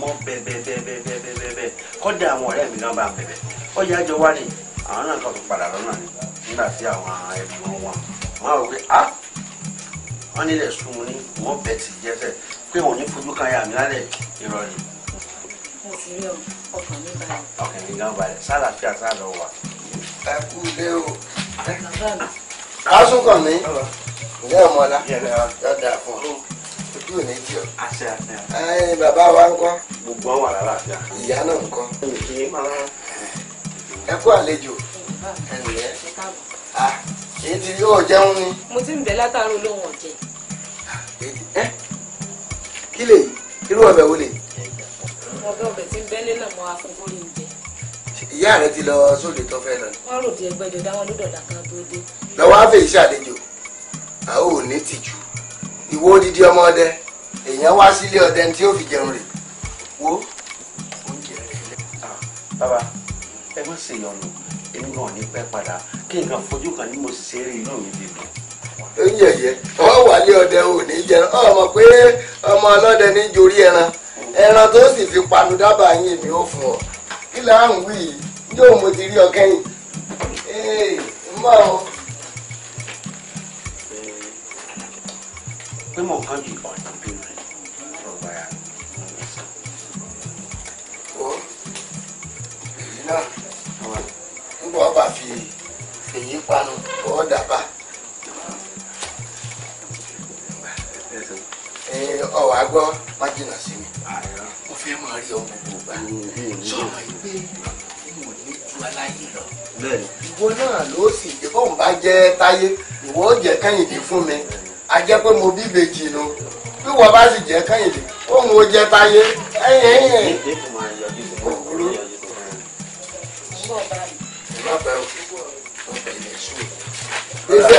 mọ́ bẹ́ẹ̀bẹ́ẹ̀bẹ́ẹ̀bẹ́ẹ̀bẹ́ẹ̀ kọ́dà àwọn ọ̀rẹ́ mi náà bá bẹ̀bẹ̀ ó yá jọ wá ní àwọn náà kàn tó ni nígbà tí àwọn ẹbí wọn wà ah wọn nílẹ̀ sùn ní wọn bẹ̀ tì jẹ́fẹ̀ pé wọn ò ní fojú kan yà mí sí rí ọ ọkàn mi balẹ̀. ọkàn mi náà balẹ̀ sálàáfíà sá lọ wà. ẹ kú ilé o. kásùn kàn mí ǹjẹ́ ọmọ ọlá yọ̀dà fún ọ ojú ò ní tí ọ. ẹ bàbá wa ń kọ́. gbogbo àwọn àlejò ẹ ti yóò jẹun ni. mo ti ń bẹ látàárọ̀ lóhùn ọ̀jẹ̀. kí lè irú ọbẹ̀ wo lè ọbẹ̀ ọbẹ̀ tí ń bẹ́lẹ̀ náà mọ́ afúnfúnni ń jẹ. ìyá rẹ ti lọ sóde tó fẹ́ lọ. wọ́n rò di ẹgbẹ́jọ dáwọn lódọ̀dà kan tó dé. lọ́wọ́ àfẹ́ iṣẹ́ àlejò a ò ní tìjú ìwọ odidi ọmọ ọdẹ èèyàn wá sílé ọdẹ tí ó fi jẹun rè wo oúnjẹ rẹ lẹ. Ah, bàbá ẹ má ṣe ìyọnu èmi náà ní pẹ́ padà kí nǹkan fojú kan ní mo sì ṣe eré inú mi ti dùn oúnjẹ yẹ ọ wà lé ọdẹ ò ní jẹran ọmọ pé ọmọ ọlọ́dẹ ní jorí ẹran ẹran tó sì fi panu dábàá yín èmi ò fún ọ kí là ń wí yìí yóò mo ti rí ọ kẹ́yìn ee mọ o. pé mo kàn bí ọ̀nà bí rẹ̀ ọ̀gbà yà ó èyí náà ń bọ̀ bá fi fèyí panu ọ́ dábàá. Eh, ọwọ agbọ má jìnnà sí mi mo fẹ́ mọ̀ rí ọmọ gbogbo sọ̀rọ̀ yìí pé mo ní ju aláyè lọ ìwọ náà ló sì jẹ bọ́n bá jẹ táyé ìwọ ó jẹ kẹ́yìndé fún mi a jẹ pé mo bí ìbejì nu bí wọ́n bá sì jẹ kẹ́yìndé òun ó jẹ táyé ẹ̀yìn ẹ̀yìn òkúrú.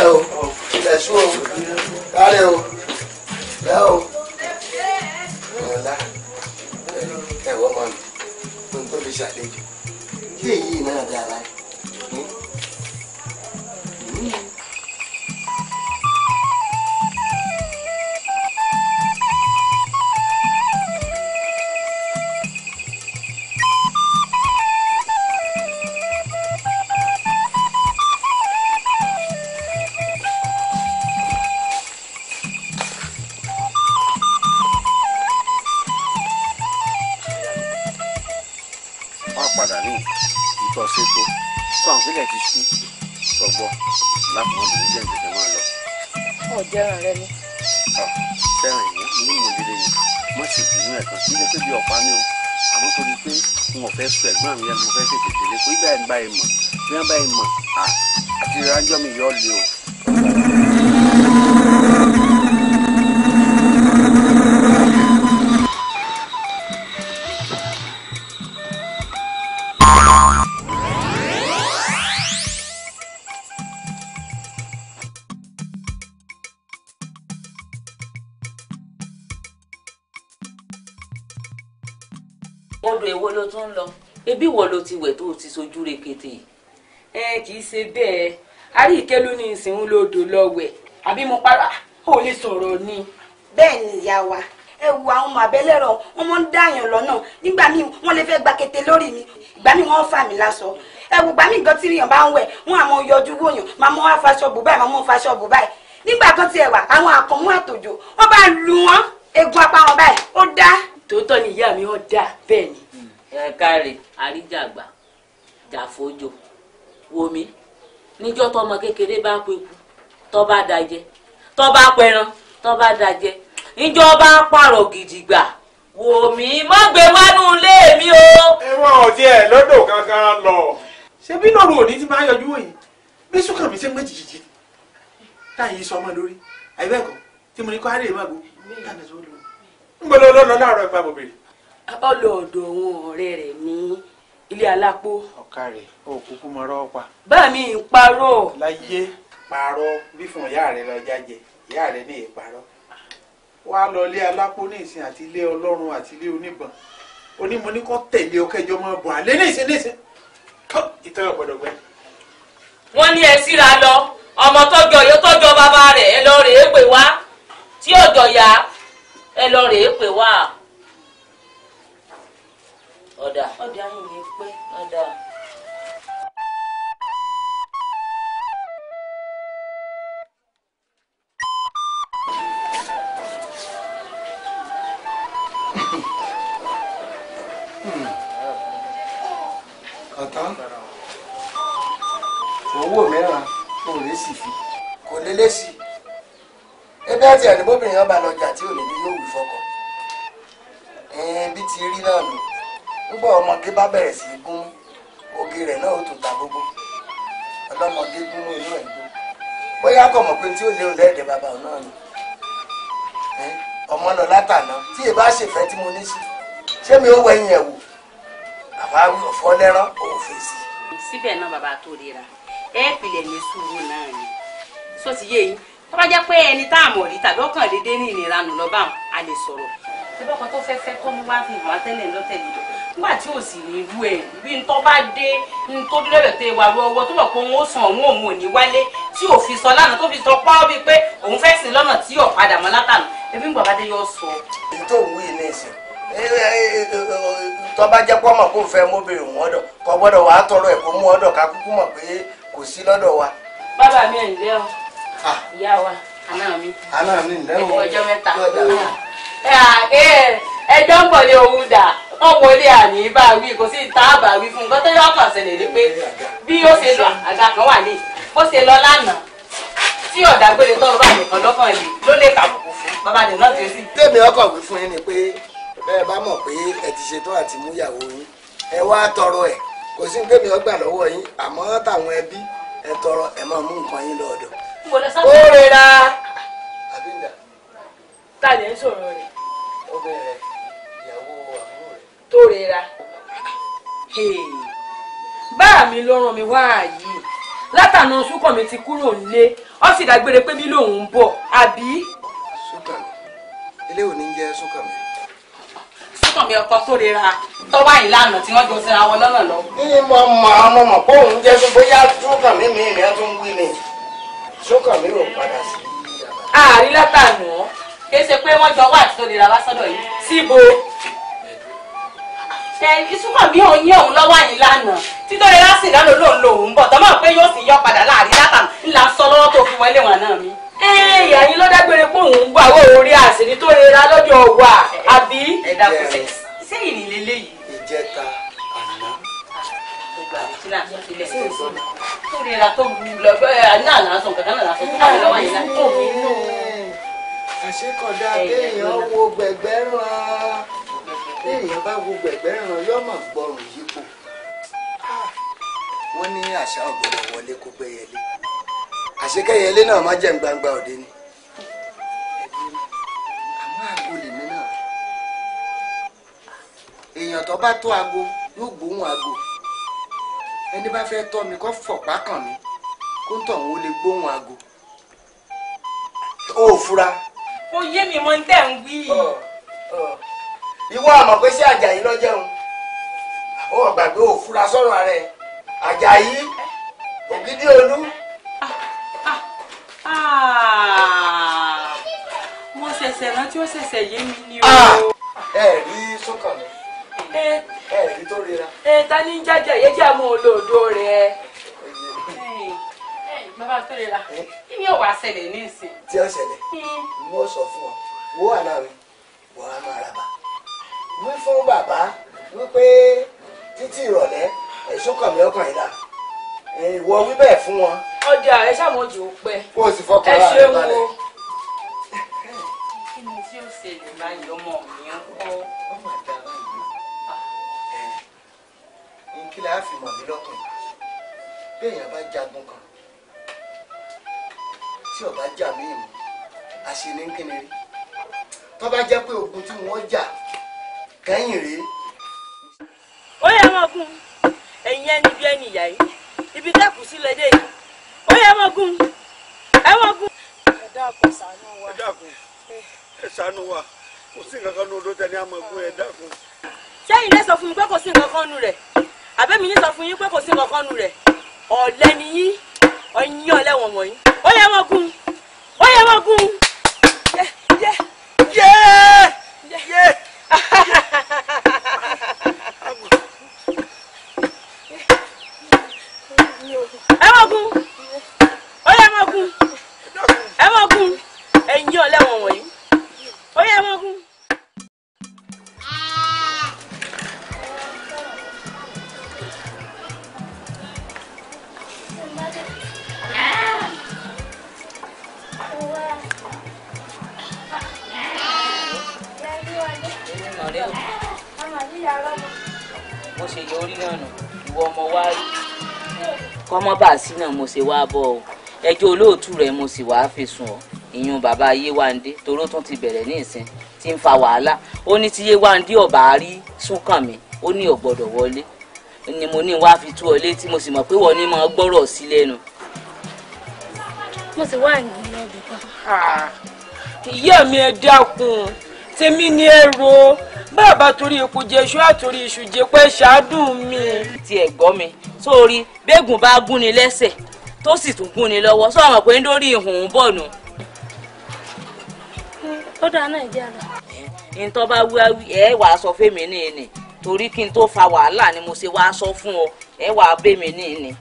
o, ilẹ̀ sùn o, kárẹ̀ o dá o ìrànlá ẹ̀wọ́ mọ̀ mi tó ń tó fi ṣàlejò kí èyí náà dára yìí. báyìí mọ̀ bí wọ́n báyìí mọ̀ àti ìrànjọ́ mi yọ̀ lé o. kì í ṣe bẹ́ẹ̀ arí ìkẹ́lú ní ìsìn lódò lọ́wẹ̀ àbí mo para ah, ó lè sọ̀rọ̀ ni. bẹ́ẹ̀ ni ìyá wa ẹ wo àwọn ọmọ abẹ́lẹ́rọ̀ wọn mọ́ ń dáàyàn lọ́nà nígbà míì wọ́n lè fẹ́ gba kété lórí mi ìgbà míì wọ́n fà mí lásọ ẹ wo ìgbà míì gan tí èèyàn bá ń wẹ̀ wọ́n àmọ́ yọjú wòyàn màmá wọn afaṣọ bù báyìí màmá wọn faṣọ bù báyìí nígbà kan tiẹ̀ wà àwọn àkànmú àtòjò wọ́n bá lu wọn egun apá wọn báyìí ó dá. tòótọ́ ni ìyá mi wọ́n dá bẹ́ẹ̀ ni. ẹ káre àríjàgbà jàfójò wòmí níjọ́ ọmọ kékeré bá kú ikú tọ́ bá dajẹ́ tọ́ bá pẹran tọ́ bá dajẹ́ níjọ́ bá pààrọ̀ wòmí má gbé wánú ilé mi o. ẹ ọtí ẹ lọ́dọ̀ kankan lọ. ṣé bí òní máa yọjú wọnyí bí ṣe ń gbé jìjìjì táyì sọ ọmọ lórí tí mo ní àárẹ̀ tàbí ń gbọ́dọ̀ láàárọ̀ ìpamọ́ bèrè. ilé alápò. ọ̀kàrẹ̀ o kúkú mọ ọ̀rọ̀ pa. bá mi ń parọ́. láyé parọ́ bí fún ìyá rẹ lọ jájẹ ìyá rẹ ní ìparọ́ wàá lọ ilé alápò ní ìsìn àti ilé ọlọ́run àti ilé oníbọn onímọ̀ ní kò tẹ̀lé ọkẹjọ mọ́ bọ̀ alẹ́ ní ìsìn ní ìsìn kọ́ ìtọ́jú ọ̀pọ̀dọ̀ gbẹ. wọ́n ní ẹ síra lọ ọmọ tọjọ yóò tọjọ bàbá rẹ̀ ẹ lọ rèé pè wá tí ọjọ yá ẹ lọ rèé pè wá ọ̀dà ọ̀dà yìnyín pé ọ̀dà. kọ̀tán owó mìíràn kò lè sì fi kò lè lè sí ebi àti ẹ̀rìnbóbìnrin ọba lọ́jà tí ò ní ní yóò wí fọkàn bí ti rí náà nù nígbà ọmọge bá bẹ̀rẹ̀ sí í gún oge rẹ̀ náà ó tún ta gbogbo ọlọ́mọge gún inú ẹ̀ gbó bóyá kò mọ̀ pé tí ó léwu lẹ́ẹ̀dẹ̀ bàbá òun náà ni ọmọ lọ látàná tí èbá ṣèfẹ́ tí mo ní sí ṣé mi ó wẹ̀yìn ẹ̀ wò bàbá ọ̀fọ́ lẹ́rán òun fèsì. síbẹ̀ náà bàbá tó rira ẹ pìlẹ̀ ní sùúrù náà ni sọ ti yé yín tó bá jẹ́ pé ẹni tá a mọ̀ rí tàbí ọkàn dédé ní ìnira nù lọ́bàá a lè sọ̀rọ̀. ṣé bọ́kàn tó fẹ́ fẹ́ kó mú wá fi hàn án tẹ́lẹ̀ lọ́tẹ̀lẹ̀ nígbà tí ò sì ní irú ẹ̀ ibi ń tọ́ bá dé ń tó dúró rẹ̀ tẹ ìwà wọ́wọ́ tó mọ̀ pé òun ó san òun òun ò ní wálé tí ò fi sọ lánàá tó fi sọ pọ́ bíi pé òun fẹ́ sìn lọ́nà tí ò padà mọ́ látànà ebi ń gbà bá dé yọ sọ. èyí tó wù yìí ní ìsìn tó bá jẹ́ pọ́ mọ̀ kó fẹ́ mọ́bìnrin òun ọ̀dọ̀ kọ́ gbọ́dọ̀ wàá tọrọ ẹ̀ kó mú ọ̀dọ̀ ká kúkú mọ̀ pé kò sí lọ́dọ̀ wa. bàbá mi ẹ̀ ń lẹ́ o ìyá wa àná mi àná mi ẹ̀ ń lẹ́ o ẹ̀kọ́ ọjọ́ mẹ́ta ẹ̀ ẹ̀ ẹjọ́ ń bọ̀ ní òun dà wọ́n wọlé àní bá wí kò sí wí fún nǹkan tó yọ ọkàn ṣẹlẹ̀ ni pé bí ó ṣe lọ àga kan wà ní ó ṣe lọ lánàá tí ọ̀dà gbére tọ́lọ́ bá nìkan lọ́kàn lè ló fún bàbá náà sì. ọkọ wí fún yín ni pé bá pé ẹ ti ṣetán àti ẹ wá tọrọ ẹ kò ọgbà lọwọ yín táwọn ẹbí ẹ ẹ máa mú nǹkan yín tó rẹra báà mi ló ràn mí wá yìí látànà sùkàn mi ti kúrò nílé ó sì dágbére pé mi lòun ń bọ̀ àbí. sùkàn mi ilé òní ń jẹ sùkàn mi. sùkàn mi ọkọ tó rẹra tọ́wá ìlànà tí wọ́n jọ síra wọn lọ́nà lọ. ní mo mọ mọ pé òun jẹ sí bóyá sùkàn mi mi ìrìn tó ń wí ni sùkàn mi ò padà sí. àárín látànà kí ṣe pé wọ́n jọ wà tó rẹra lásán lọ yìí síbo ìsúkànmí ọyìn ọ̀hún lọ́wọ́ yìí lánàá títọ́ rẹ lásìkò lánàá lòun lòun bọ̀ tọ́mọ̀ pé yóò sì yọ padà láàrin látà ńlá sọ lọ́wọ́ tó fi wọlé wọn náà mi. ẹ ìyá yín ló dágbére pé òun ń gbà wọ orí àṣírí tó rẹra lọ́jọ́ wà àbí. ẹ dákun sí sẹ́yìn ní lélẹ́ yìí. ìjẹta àná. tó rẹra tó lọ àná àlàsàn kankan àlàsàn tó kàn lọ́wọ́ yìí lánàá. àṣekọ̀dá kéèyàn wo gbẹ̀gbẹ́ rán bí èèyàn bá wo gbẹ̀gbẹ́ ràn yọ́mọ̀ gbọ́rùn yípo wọ́n ní àṣà ọ̀gbọ̀dọ̀ wọlé kó gbẹ́yẹlé àṣekẹ́yẹlé náà má jẹ́ gbangba òde ni èèyàn tó bá tó aago yóò gbóhùn aago ẹni bá fẹ́ tọ́ mi kó fọ̀pá kàn mí kó ń tọ̀hún ó gbóhùn aago ó fura. ó yé mi mọ́ ń tẹ̀ ń wí ìwọ àmọ̀ pé sí àjàyí lọ jẹun ó wọ́n gbàgbé òfura sọ̀rọ̀ rẹ̀ àjàyí ògidì olú. mo ṣẹ̀ṣẹ̀ rántí ó ṣẹ̀ṣẹ̀ yé mi ni o. ẹ rí sókànmí ẹ rí tó rira. ẹ ta ni jájà yé jẹ́ àmọ́ olóòdo rẹ̀. bàbá tó rira kí ni yóò wá ṣẹlẹ̀ ní ìsìn. tí ó ṣẹlẹ̀ mo sọ fún ọ wo àná mi wàá máa rà bá wí fún bàbá wípé títí ìrọ̀lẹ́ èso kàn mí ọkàn ìlà ìwọ wí bẹ́ẹ̀ fún wọn. ọjà ẹ ṣàmójú pẹ́ kó o sì fọkàn ara rẹ balẹ̀. kí ni tí ó ṣe lè máa yọ ọmọ mi ń kọ́. ọmọ àti àbá yìí ní kí láà fi mọ̀ mí lọ́kàn bí èèyàn bá jagun kan tí ọba jà mí ìmọ̀ àṣẹ ní kíni rí tó bá jẹ́ pé ogun tí wọ́n jà kẹ́yìn rèé. ó yẹ ọmọkùn ẹ̀yin ẹni bí ẹni ìyá yìí ibi dẹ́kun sílẹ̀ dé yìí ó yẹ ọmọkùn ẹmọkùn. ẹ dákun ṣàánú wa. ẹ dákun ẹ ṣàánú wa kò sí nǹkan kan nínú odò tẹni ọmọkùn ẹ dákun. sẹ́yìn lẹ sọ fún mi pé kò sí nǹkan kan nù rẹ̀ àbẹ́mi yín sọ fún yín pé kò sí nǹkan kan nù rẹ̀ ọ̀lẹ ni yín ọ̀yin ọ̀lẹ wọ̀nwọ̀n ó yẹ ọmọkùn ó yẹ ọmọkùn. yẹ yẹ yẹ yẹ. gun ó yẹ mọ gun ẹ mọ gun ẹ̀yin ọlẹ́wọ̀n wọ̀nyí ó yẹ mọ gun. mo ṣe yọ orí náà nù ìwọ ọmọ wa rí kọ́mọ́ bá sí náà mo ṣe wá bọ̀ o ẹjọ́ olóòtú rẹ̀ mo sì wá fi sùn ọ́ ìyún bàbá Yéwándé toró tún ti bẹ̀rẹ̀ ní ìsìn tí ń fa wàhálà ó ní tí Yéwándé ọ̀bà rí Súnkànmí ó ní ọ̀gbọ́dọ̀ wọlé ni mo ní wá fi tú ọ létí mo sì mọ̀ pé wọ́n ní mọ̀ gbọ́rọ̀ sí lẹ́nu. mo sì wá ìrìn kan. Ah, ìyá mi ẹ dákun tèmi ni ẹrù bàbá torí epo jẹ iṣu àtòrí iṣu jẹ pé ṣáádùn mi. ti ẹ̀ gbọ́ mi sórí bẹ́ẹ̀gùn bá gún ni lẹ́sẹ̀ tó sì tún gún ni lọ́wọ́ sọ àwọn pé ń dórí ìhùn bọ̀ nù. ó dáa náà jẹ́ àná. ìtọ́ bá wí ẹ wàá sọ fẹ́mi ní ìní torí kí n tó fa wàhálà ni mo ṣe wàá sọ fún ọ ẹ wàá bẹ́mi ní ìní.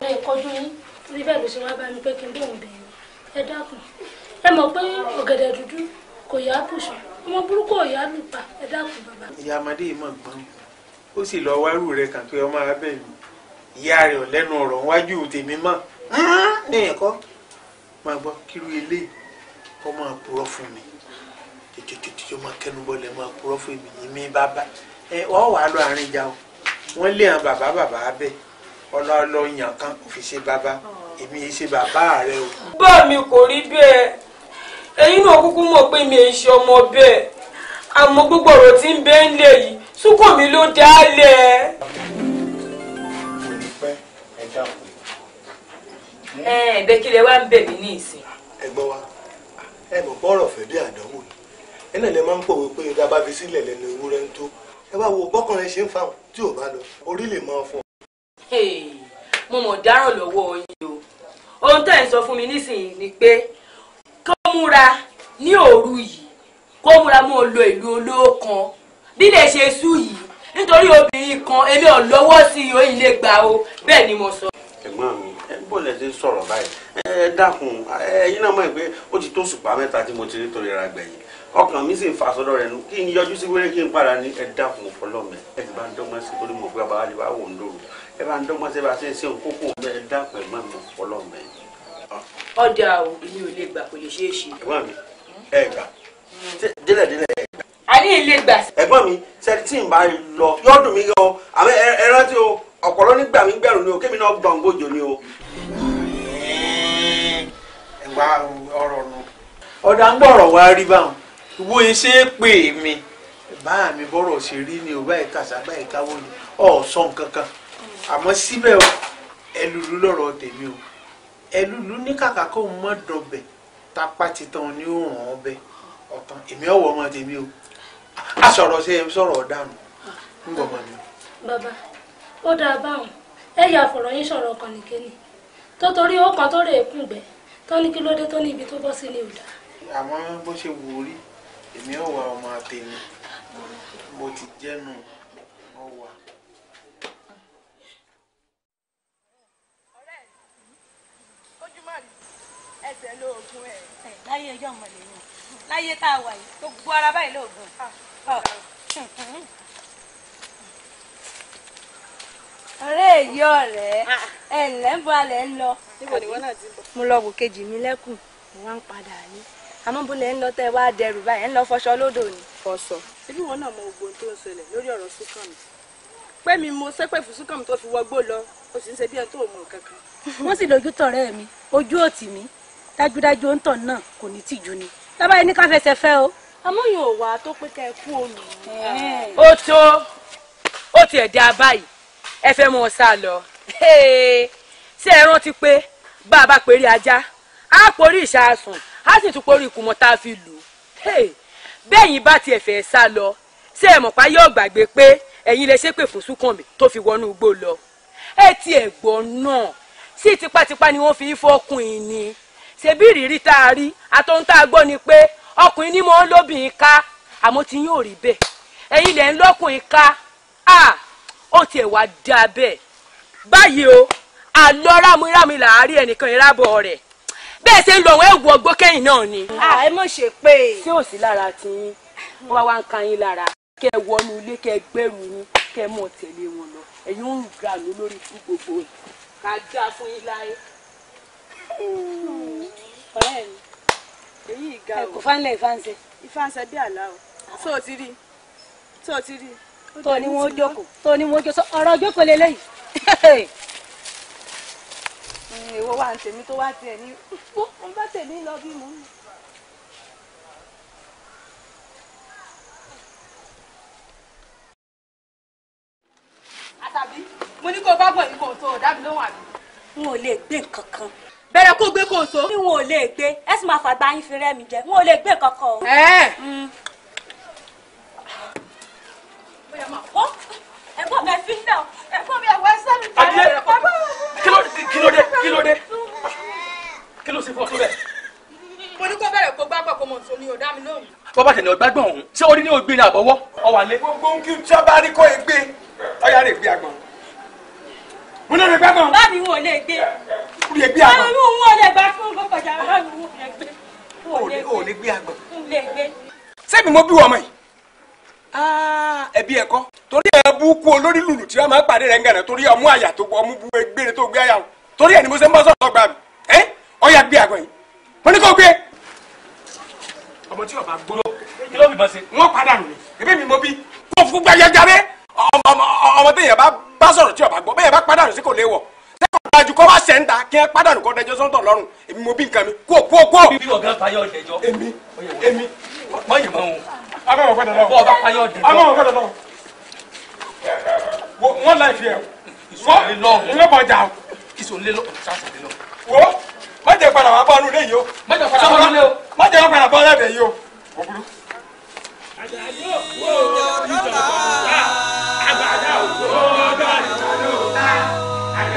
ọ̀rẹ́ ìkọjú yín rí ló ṣe wá bá mi pé kí n bóun bẹ̀rẹ̀ ẹ dákun ẹ mọ̀ pé ọ̀gẹ̀dẹ̀ dúdú kò yá bùsùn ọmọ burúkú ò yá lùpa ẹ dákun bàbá. ìyá amadé yìí mọ̀ gbọ́n ó sì lọ wárù rẹ kàn pé ọmọ abẹ́ mi ìyá rẹ̀ ò lẹ́nu ọ̀rọ̀ wájú tèmi mọ̀ ní ẹ̀kọ́ máa gbọ́ kírú ilé kọ́ máa purọ́ fún mi tètè máa kẹnu bọ́lẹ̀ máa purọ́ fún mi yìí mi bàbá ẹ ọ wà á lọ àárín ìjà o wọ́n lé àwọn bàbá bàbá abẹ́ ọlọ́ọ̀lọ́ yàn kan òfìsè bàbá èmi yìí ṣe bàbá rẹ o. bá mi kò rí bẹ́ẹ̀ ẹ̀yin náà kúkú mọ̀ pé mi ò ṣe ọmọ bẹ́ẹ̀ àmọ́ gbogbo ọ̀rọ̀ tí ń bẹ́ẹ̀ ń lè yìí súnkọ̀ mi ló dá lẹ̀. ẹ ẹgbẹ́ kílẹ̀ wá ń bẹ̀ mí ní ìsìn. ẹ gbọ́ wa ẹ mọ̀ bọ́rọ̀ fẹ́ bí àdánwò yìí ẹ náà lè máa ń pòwe pé ìdá bá fi sílẹ̀ lẹ́nu ewúrẹ́ ń tó ẹ wá wo bọ́kànrin ṣe ń fa tí ò bá lọ orí lè máa fọ. mo mọ̀ dáràn lọ́wọ́ yín o ohun tẹ́ ẹ̀ ń sọ fún mi nísìnyí ni pé múra ní òru yìí kó múra mọ́ lo ìlú olówó kan bí lè ṣe sú yìí nítorí obìnrin kan èmi ò lọ́wọ́ sí i òyìn lè gbà o bẹ́ẹ̀ ni mo sọ. ẹ̀gbọ́n mi ẹ bó lẹ ṣe ń sọ̀rọ̀ báyìí ẹ dákun ẹ̀yin náà mọ̀ pé ó ti tó ṣùpá mẹ́ta tí mo ti rí torí ara gbẹ̀yìn ọkàn mi sì ń fa sọ́dọ̀ rẹ̀ nù kí n yọjú sí wéré kí n padà ní ẹ dákun ọpọlọmọ ẹ ti bá ń dọ́gbọ́n sí torí mo gbé abáwálé bá wò ń dòrò ẹ bá ń dọ́gbọ́n sí bá ṣe ń ṣe òkókó ẹ ọ̀dà o èmi ò lè gbà kò lè ṣeé ṣe. ẹ̀gbọ́n mi ẹ gbà délẹ̀délẹ̀ ẹ gbà. a ní ilé gbà. ẹ̀gbọ́n mi sẹ́ni tí n bá lọ yóò dùn mí gan o àmọ́ ẹ rántí o ọ̀pọ̀lọ́ nígbà mi gbẹ̀rù ni o kémi náà gbọ̀n gbòjò ni o. ẹ̀gbà ọ̀rọ̀ nù. ọ̀dà ń gbọ̀rọ̀ wá rí báwọn ìwọ yìí ṣe é pè mí báà mi bọ́rọ̀ ṣe rí ni ò báyìí kàṣà báyìí káwọ́ ni ọ̀ sọ nǹkan kan àmọ́ síbẹ̀ ẹlùlù lọ́rọ̀ tèmi o elulu ní kàkà mọ́ dọ̀bẹ̀ tápá ní òrùn ọbẹ̀ ọ̀tàn èmi ọmọ tèmi o a sọ̀rọ̀ sí ẹ sọ̀rọ̀ ọ̀daràn ń o. bàbá ó dáa báwọn ẹ yà fọ̀rọ̀ ọkàn nìkéni tó torí ó tó rè é kùn gbẹ tó ní kí ló dé tó ní ibi tó bọ́ sí ni ò àmọ́ bó ṣe wù ẹsẹ̀ lóògùn ẹ̀. láyé ẹjọ́ mọ̀ lẹ́yìn láyé tá a wà yìí tó gbogbo ara báyìí lóògùn. Ah. ọ̀rẹ́ èyí ọ̀rẹ́ ah. ẹ̀ ǹlẹ́ ń bọ̀ alẹ́ ń lọ. níbo ni wọ́n náà ti bọ̀. mo lọ wò kejì mi lẹ́kùn mo wá ń padà ní àmọ́ bó lè ń lọ tẹ́ ẹ wá dẹrù báyìí ẹ̀ ń lọ fọṣọ lódò ni. fọṣọ síbí wọn náà mọ ogun tó ń ṣẹlẹ̀ lórí ọ̀rọ̀ Súnkànmí pé mi mo ṣépè fún Súnkànmí tó fi wọgbó lọ o sì ń ṣe bí ẹni tó mọ kankan. wọ́n sì lójú tọ̀rẹ́ mi ojú òtì mi dájúdájú ó ń tàn náà kò ní tìjú ni tábà yẹn ní ká fẹsẹ̀ fẹ́ o. amóyè ò wá tó pé ká ẹ kú olù. ó tó ó tiẹ̀ dá a báyìí ẹ fẹ́ mọ ọ̀sà lọ ṣé ẹ rántí pé bá a bá pèrè ajá á porí ìṣàsùn á sì tún porí ìkùmọ̀ tá a fi lù ú bẹ́ẹ̀ yín bá tiẹ̀ fẹ́ sá lọ ṣé ẹ mọ̀ pa yóò gbàgbé pé ẹ̀yin lè ṣépè fún Súnkànmí tó fi wọnú igbó lọ ẹ tiẹ̀ gbọ́ náà sí tipátipá ni wọ́n fi í fọ́kùn ìní ṣebí ìrírí tá a rí tá a gbọ́ ni pé ọkùnrin ni mo ń lóbìnrin ká àmọ́ tí yóò rí bẹ́ẹ̀ ẹ̀yin lẹ̀ ń lọ́kùnrin ká à ó tiẹ̀ wá bẹ́ẹ̀ báyìí o àlọ́ rámúrámú ẹnìkan ìrábọ̀ rẹ̀ bẹ́ẹ̀ ṣe ń lọ àwọn ni. ẹ mọ̀ ṣe pé. tí ò sí lára tí yín wá ń ka yín lára wọnú ilé yín gbogbo ká fún yín láyé. ọ̀rẹ́ mi èyí ga o. kò fánlẹ̀ ìfáǹsẹ. ìfáǹsẹ bí àlá o tó o ti rí tó o ti rí. tó o ní wọn ó jókòó tó o ní wọn ó jókòó ọ̀rọ̀ jókòó lélẹ́yìí. èwo wa ń tèmi tó wá tiẹ̀ ní mo bá tèmi lọ bí mo ń lọ. àtàbí mo ní kó o bá bọ̀ yìí kó o tó o dábìí àbí. n ò lè gbé nǹkan kan bẹ̀rẹ̀ kó gbé kó so. mi wọn ò lè gbé ẹ sì máa fàgbà yín fi rẹ́ jẹ wọn ò lè gbé kankan o. ẹ mm. ẹ̀gbọ́n mi ẹ fi ń dà ẹ̀gbọ́n mi ẹwọ ẹsẹ mi tẹ ẹ kí ló dé kí ló dé kí ló sì fọ tó bẹ. mo ní kó bẹ̀rẹ̀ kó gbàgbọ́ kó mọ̀ tó ní ọ̀dá mi lónìí. bọ́bá tẹ̀lé ọgbàgbọ́n ọ̀hún ṣé orí ní ògbé ni àbọ̀wọ́ ọ̀wà lé. gbogbo ń kí n tí wọ́n bá rí kó e gbé ọ̀yà rè gbé àgbọ̀n. mo lè rè gbàgbọ́n. bá mi wọn ò lè gbé kúrò ẹgbẹ́ àgbà. báwo ni òun ọ̀lẹ̀ gbà fún ọgbọ́n kọjá báwo ni òun ọ̀lẹ̀ o ò lè gbé àgbà. sẹ́mi mo bí ọmọ yìí ah, ẹbí ẹ̀kọ́ torí ẹ bú kú olórí lùlù tí wọ́n máa ń pàdé rẹ̀ ń gànà torí ọmú àyà tó ọmú bu gbére tó gbé àyà o torí ẹ ni mo ṣe ń bọ́ sọ̀rọ̀ ọgbà mi ẹ ọyà gbé àgbà yìí mo ní kó gbé. ọmọ tí ọba gbó kí ló bìbọn ṣe. wọn padà nù ní ẹbí mi mo bí kó fún gbàyàjà rẹ gbàjú kọ́ wá sẹ́ńtà kí ẹ pàdánù kọ́ dẹjọ́ sọ́ńtọ̀ lọ́rùn èmi mo bí nǹkan mi kó kó kó. bí ọ̀gá payọ̀ dẹjọ́ èmi èmi wọ́n yìí mọ̀ wọn. a máa wọ̀ gbọ́dọ̀ lọ. ọba payọ̀ dẹjọ́. a máa wọ̀ gbọ́dọ̀ lọ. wọ́n láì fi ẹ̀. ìsòlè lọ. ńlọ́bọ̀ jà o. ìsòlè lé yìí o. lé o. má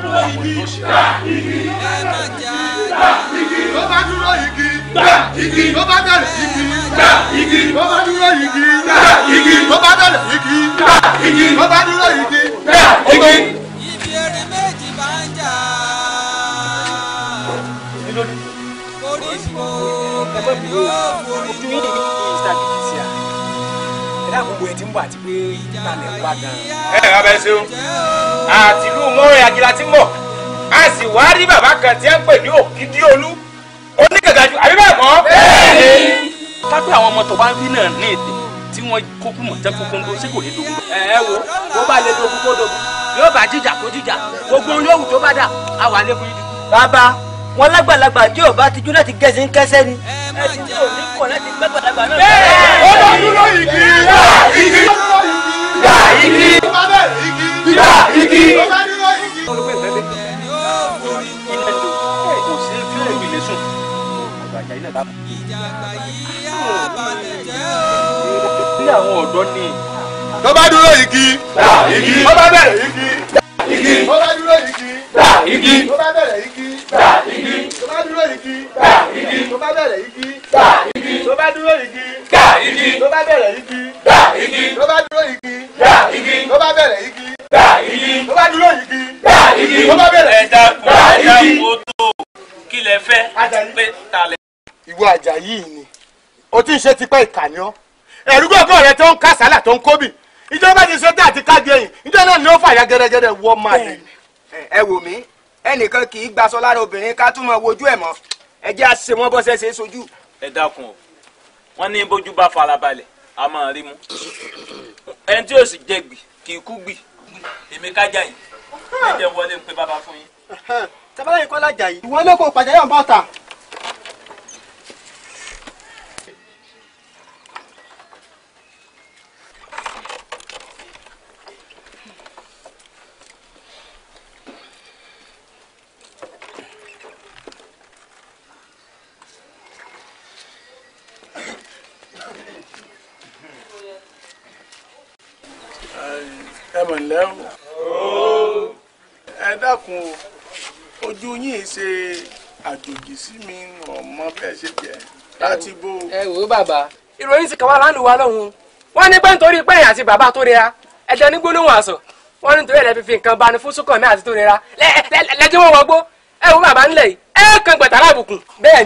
dúró igi gbà igi gbà igi ló bá dúró igi gbà igi ló bá dẹ̀rẹ̀ igi gbà igi ló bá dúró igi gbà igi ló bá dẹ̀rẹ̀ igi gbà igi ló bá dúró igi gbà igi. ibi erin méjì bá ń jà orí fò bẹ̀rù yóò forí fò dáàbòbò ẹ̀ ti ń bọ̀ àti pé ìtàlẹ̀ ń wá gan ẹ ẹ abẹ ṣeun àtìlú mọ́rin àjìlá ti mọ̀ a sì wá rí bàbá kan tí ẹ ń pè ní òkìdí olú onígàgàjù àbí bẹ́ẹ̀ mọ́. bẹ́ẹ̀ni. kápẹ́ àwọn ọmọ tó bá ń rí náà ní èdè tí wọ́n kó kú mọ̀ jẹ́ kókó ń bó kò ní dogun. ẹ ẹ wo bó bá lè dogun kó dogun yóò bá jíjà kó jíjà gbogbo ohun tó bá dà á wà lé fún bàbá wọn lágbàlagbà tí yóò bá tijú láti gẹ̀ẹ́sì ń kẹ́sẹ́ ni ẹni tí ò ní kọ̀ láti gbẹ́ gbàdàgbà náà. bẹ́ẹ̀ ó dúró igi. gbà igi. gbà igi. gbà igi. ní dúró igi. gbà igi. tó bẹ̀rẹ̀ igi. gbà igi. tó dúró igi. gbà igi. tó bẹ̀rẹ̀ igi gbà igi. tó bá dúró igi. gbà igi. tó bá bẹ̀rẹ̀ igi. gbà igi. tó bá dúró igi. gbà igi. tó bá bẹ̀rẹ̀ igi. gbà igi. tó bá dúró igi. gbà igi. tó bá bẹ̀rẹ̀ igi. gbà igi. tó bá dúró igi. gbà igi. tó bá bẹ̀rẹ̀ ẹja gbà igi. ẹja wo tó kí lẹ fẹ́ pé ta lẹ. ìwọ Àjàyí ni o ti ń ṣe tipẹ́ ìkànnì ọ́ ẹ̀rú gbọ̀ngàn rẹ tó ń kásálà tó ń kóbì ìjọba ti ṣe tá àti kájú ẹ̀yìn ìjọba náà ni ó fàyà gẹ́gẹ́rẹ́ wọ́ máa ní. ẹ wò mí ẹnìkan kì í gbaṣọ lára obìnrin ká tún máa wojú ẹ̀ mọ́ ẹ jẹ́ àṣìṣe wọn bọ́sẹ̀ ṣe é sojú. ẹ dákun o wọn ní bójú bá farabalẹ̀ a máa rí mu ẹni tí yóò sì jẹ gbì kì í kú gbì èmi kájà yìí ẹ jẹ́ wọlé ń pe bàbá fún yín. sábàlá yìí kọ́ lájà yìí. ìwọ ló kó pàjáyọ̀ bọ́ta. pẹ̀lẹ́ ẹ dákun o ojú yín ṣe àjòjì sí mi ọmọ bẹ́ẹ̀ ṣe jẹ́ láti bó. ẹ wò ó bàbá. ìròyìn ti kàn wá lánàá wa lọ́hùn wọn wọ́n ní pé nítorí pé èèyàn àti bàbá tó rẹ̀ ẹ̀jẹ̀ ní gbólóhùn wọ́n ní torí bani fún àti tó lẹ́jọ́ wọn wọgbó ẹ wò bàbá yìí ẹ kàn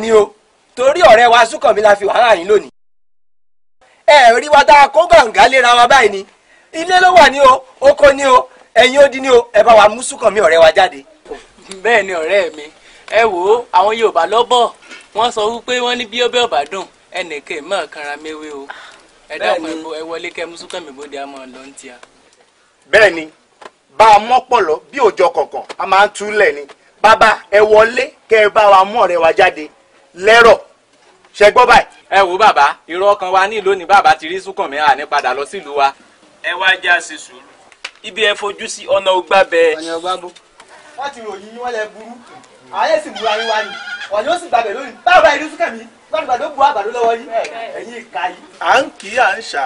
ni o torí wa fi wàhálà yín lónìí. ẹ ilé ló wà ní o oko ní o ẹ̀yin ó dín ní o ẹ bá wa mú mi ọ̀rẹ́ wa jáde. bẹ́ẹ̀ ni ọ̀rẹ́ mi ẹ wò ó àwọn yorùbá lọ́bọ̀ wọ́n sọ wípé wọ́n ní bí ọbẹ̀ ọ̀bà ẹnìkan ìmọ̀ kanra méwé o ẹ dákun ẹ wọlé kẹ mú sùkàn mi bóde àmọ́ lọ ń tia. bẹ́ẹ̀ ni bá a mọ́pọ̀lọ́ bí òjò kọ̀ọ̀kan a máa ń túlẹ̀ ni bàbá ẹ wọlé kẹ ẹ bá wa mú ọ̀rẹ́ wa jáde lẹ́rọ̀ ṣẹgbọ́ báyìí. ẹ wo bàbá irọ́ kan wa ní ìlú ni bàbá ti rí sùkàn mi à ní padà lọ sílùú wa ẹ wá já ṣe sùúrù ibi ẹ fojú sí ọ̀nà ọgbà bẹ́ẹ̀. ọ̀nà ọgbà bó wọ́n ti ròyìn yín wọ́n lẹ burú ni ọ̀nà ó sì gbàgbẹ́ lónìí báwo bá irú súnkànmí lọ́dún gbàdó bu àgbàdo lọ́wọ́ yín ẹ̀yìn ìka yìí. à ń kí à ń ṣà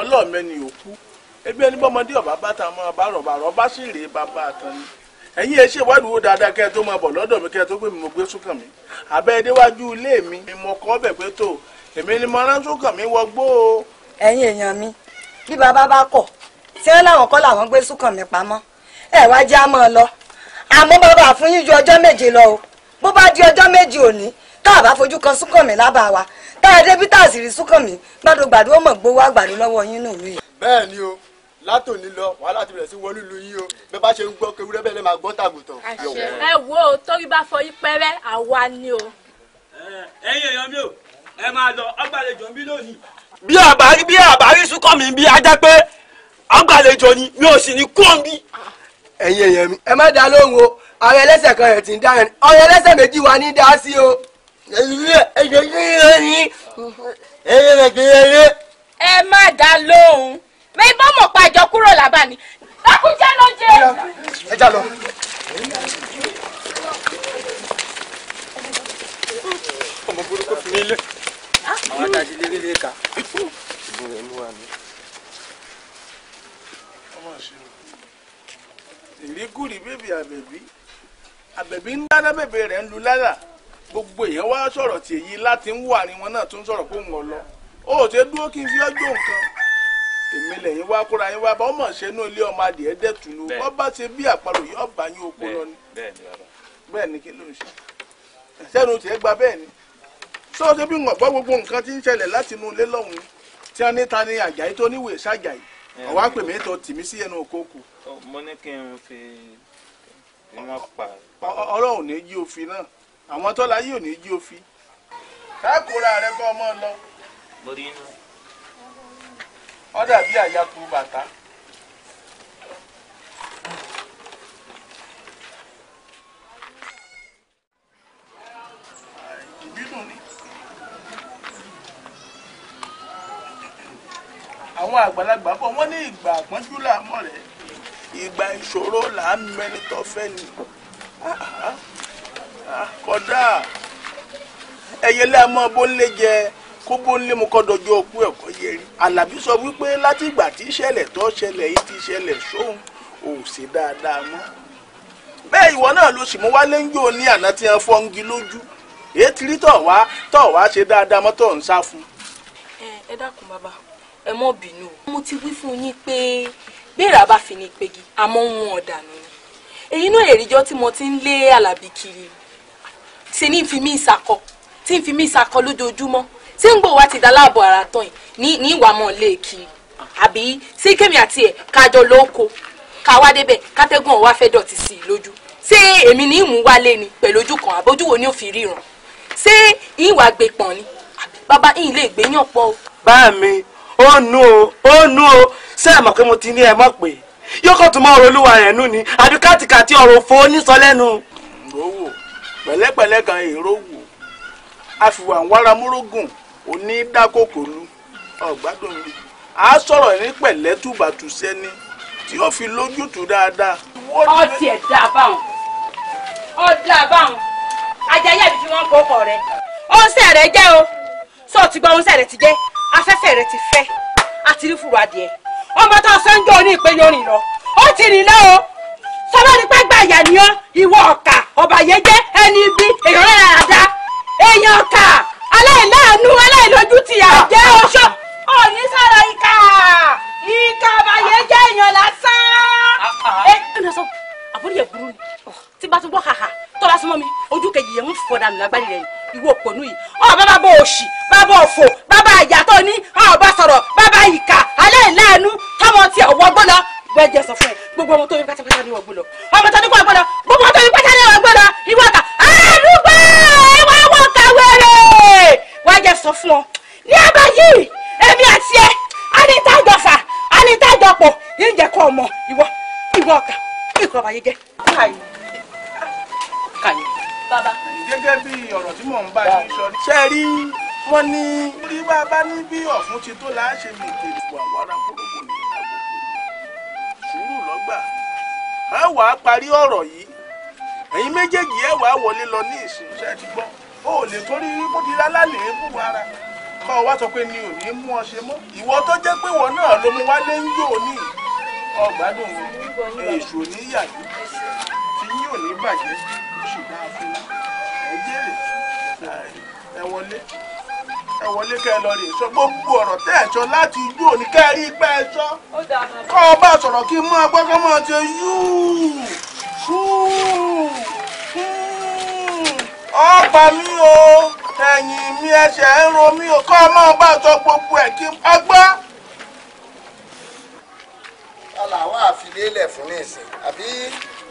ọlọ́ọ̀mẹ́ni òkú ebi ẹni bọ́mọdé ọ̀bá bá bàbá àtàn ni ẹ̀yin ẹ ṣe ìwádìí wo dáadáa kẹ́ ẹ tó máa bọ̀ lọ́dọ̀ mi kẹ́ mi mi kọ́ bẹ̀ pé ni mo rán mi wọgbó mi bí bàbá bá kọ̀ tí wọ́n láwọn kọ́ làwọn gbé Súnkànmí pamọ́ ẹ̀ wá jẹ́ àmọ́ lọ àmọ́ bàbá fún yín ju ọjọ́ méje lọ o bó bá di ọjọ́ méje òní tá a bá fojú kan Súnkànmí lábàá wa tá a débi tá a sì rí Súnkànmí gbàdo gbàdo ó mọ̀ gbowó àgbàdo lọ́wọ́ yín nù mí. bẹ́ẹ̀ ni o látòní lọ wàhálà ti bẹ̀rẹ̀ sí wọnú ìlú yín o bẹ́ bá ṣe ń gbọ́ kewúrẹ́ bẹ́ẹ̀ lẹ́ máa gbọ́ tàgùtàn. ẹ wo torí bá fọ yín àwa ni o. ẹ̀yin èèyàn mi o ẹ máa lọ ọgbàlejò ń bí lónìí bí àbárí bí àbárí sùkọ́ mi bí ajá pé agbàlejò ni mi ò sì ní kó mi. ẹ̀yin èèyàn mi ẹ má dá lóhùn o ọ̀rọ̀ ẹlẹ́sẹ̀ kan rẹ̀ ti ń dá rẹ̀ ọ̀rọ̀ ẹlẹ́sẹ̀ méjì ní dá sí o. ẹ má lóhùn bá kúrò ni ló àwọn adájí lérè lè kà. ìbò rẹ̀ ló wà ní. ọmọ ìṣirò ìlíkùrì bèbè àbẹ̀bí àbẹ̀bí ń dáná bèbè rẹ̀ ń lu lára gbogbo èèyàn wá sọ̀rọ̀ tí èyí láti ń wà ní wọn náà tún sọ̀rọ̀ pé òun ọ̀ lọ ó ṣe dúró kí n fi ọjọ́ nǹkan èmi lẹ́yìn wá kóra yín wá bá ọmọ ṣe inú ilé ọmọ adìẹ dẹ̀tún ló wọ́n bá ṣe bí àparò yìí ọ̀bà yín oko lọ ni bẹ́ẹ̀ ni kí ló ń ṣe sẹ́nu tiẹ̀ gba bẹ́ẹ̀ ni sọ ṣe bí wọn gbọ́ gbogbo nǹkan tí ń ṣẹlẹ̀ láti inú ilé lọ́hùn-ún tí wọn níta ni àjàyí tó níwèé ṣàjàyí ọwọ́ àpè mi tó tì mí sí ẹnu òkòkò. mo ní kí n fi wọn pa. ọlọ́run ní jí òfin náà àwọn tọ́lá yìí ò ní jí òfin. káàkóra rẹ kọ́ ọmọ lọ. mo rí inú. ọ dàbí àyàkú bàtà. àwọn àgbàlagbà bọ̀ wọ́n ní ìgbà àpọ́njú làámọ̀ rẹ̀ ìgbà ìṣòro là ń mẹni tó fẹ́ ni kódà ẹyẹ lẹ́ẹ̀mọ́ bó ń lé jẹ kó bó ń lé mu kọ́ dọjọ́ òkú ẹ̀kọ́ yẹrí Àlàbí sọ wípé láti ìgbà tí ìṣẹ̀lẹ̀ tó ṣẹlẹ̀ yìí ti ṣẹlẹ̀ sóhun ò sí dáadáa mọ́ bẹ́ẹ̀ ìwọ náà ló sì mú wálé ń jò ní àná tí wọ́n fọ́ngi lójú èyí ti rí tọ̀ wá tọ̀ wá ṣe dáadáa mọ́ tọ̀ ń sá fún. ẹ ẹ dákun bàbá ẹ mọ́ bínú o. mo ti wí fún yín pé béèrà bá fi ní pegi àmọ́ ń wọn ọ̀dànù ni èyí náà èrìjọ́ tí mo ti ń lé àlàbí kiri ṣe ní fi mí ìsakọ tí ń fi mí ìsakọ lójoojúmọ́ tí ń gbò wá ti da láàbọ̀ ara tán yìí ní ìwà mọ̀ lé e kiri àbí sí kémi àti ẹ̀ kájọ lóko ká wá débẹ̀ kátẹ́gùn ọ̀wá fẹ́ dọ̀tí sí i lójú ṣé èmi ní ìmú wálé ni pẹ̀lú ojú kan àbójú wo ni ò fi ríran ṣé ìwà gbé pọ̀n ni bàbá yìí lè gbé yàn pọ̀ bá mi ó nu o ó nu o ṣé ẹ mọ̀ pé mo ti ní ẹ mọ̀ pé yóò kàn tún mọ ọ̀rọ̀ olúwa rẹ̀ nù ni àbí kàtìkàtì ọ̀rọ̀ òfò onísọ lẹ́nu. ìrówó pẹ̀lẹ́pẹ̀lẹ́ kan èrò wò àfìwà ń wára múrógùn onídàkókòlù ọ̀gbádùn mi à á sọ̀rọ̀ ní pẹ̀lẹ́ tùbàtùsẹ́ni tí yóò fi lójútùú dáadáa. ọtí ẹ̀ dáa báwọn ọdún àbáwọn ajayi àbí fi wọn kó ọkọ rẹ ó ń sẹ̀rẹ̀ jẹ́ o sọ ti gbọ́ ó ń sẹ̀rẹ̀ ti jẹ́ afẹ́fẹ́ rẹ ti fẹ́ àti rí fùrọ̀ adìẹ ọmọ tó sẹ́ńjọ́ ní ìpéjọ rìn lọ ó ti rìn lọ o sọlá ní pẹ́gbà ìyá ni ọ́ ìwọ ọ̀kà ọ̀bàyéjẹ́ ẹni ibi èèyàn rẹ̀ àdá èèyàn ọ̀kà aláìláàánú aláìlójútì àjẹ́ ọ̀ṣọ́ òní sára ìka ìka ọ̀bàyéjẹ́ èèyàn lásán. ẹ ẹ ní sọ àbúrò yẹ burú ni tí bá tún bọ́ hàhà tọ́lá súnmọ́ mi ojú kejì yẹn ń fọ́ dànù lágbàdì rẹ̀ yìí ìwọ òpònú yìí ọ bàbá bò òṣì bàbá òfò bàbá àyàtọ̀ ní ọ bá sọ̀rọ̀ bàbá ìkà aláìláàánú táwọn ti ọ̀wọ́ gbọ́dọ̀ bẹ́ẹ̀ jẹ́ sọ fún ẹ gbogbo ọmọ tó ní pátápátá ní ọgbọ́dọ̀ ọmọ tó ní kó ọgbọ́dọ̀ gbogbo ọmọ tó ní pátá ní ọgbọ́dọ̀ ìwọ ọ̀tà àdúgbò ìwọ ọwọ́ kàwéré wá jẹ́ sọ fún ọ ní abá yìí èmi àti ẹ anítàjọfà anítàjọpọ̀ yìí ń jẹ́ kọ́ ọmọ ìwọ ìwọ ọ̀kà ìkọ̀ ọ̀bà káyọ̀ káyọ̀ bàbá. gẹ́gẹ́ bí ọ̀rọ̀ tí mò ń bá yín sọ. ṣe rí wọ́n ní. rí bàbá ní bí ọ̀fun ti tó la ṣe lè tètè wà wàrà gbogbo ní ìdàgbò sùúrù lọ́gbà á wà á parí ọ̀rọ̀ yìí ẹ̀yin méjèèjì ẹ̀ wà á wọlé lọ ní ìsìn ṣe ti gbọ́ ó lè torí bó ti lálálẹ̀ é fún wàrà kọ́ ọ wá sọ pé mi ò ní mú ọ ṣe mọ́ ìwọ tó jẹ́ pé ìwọ náà ló mú wálé ń yò ní ọgbàdùn èṣù oníyàgbé yín ò ní bàjẹ́ ó sì dáa fún yín ẹ jèrè ẹ wọlé ẹ wọlé kẹ lọ rè sọ gbogbo ọ̀rọ̀ tẹ́ ẹ̀ sọ láti ijó òní kẹ́ ẹ rí pé ẹ sọ kọ́ ọ bá sọ̀rọ̀ kí n mú agbọ́kọ́ mọ́ ọ ti yúù ọ̀pá mi o ẹ̀yìn mi ẹsẹ̀ ń ro mi o kọ́ ọ mọ́ ọ bá sọ gbogbo ẹ̀ kí n bá gbọ́ aláwọ̀ àfilélẹ̀ fún ní ìsìn àbí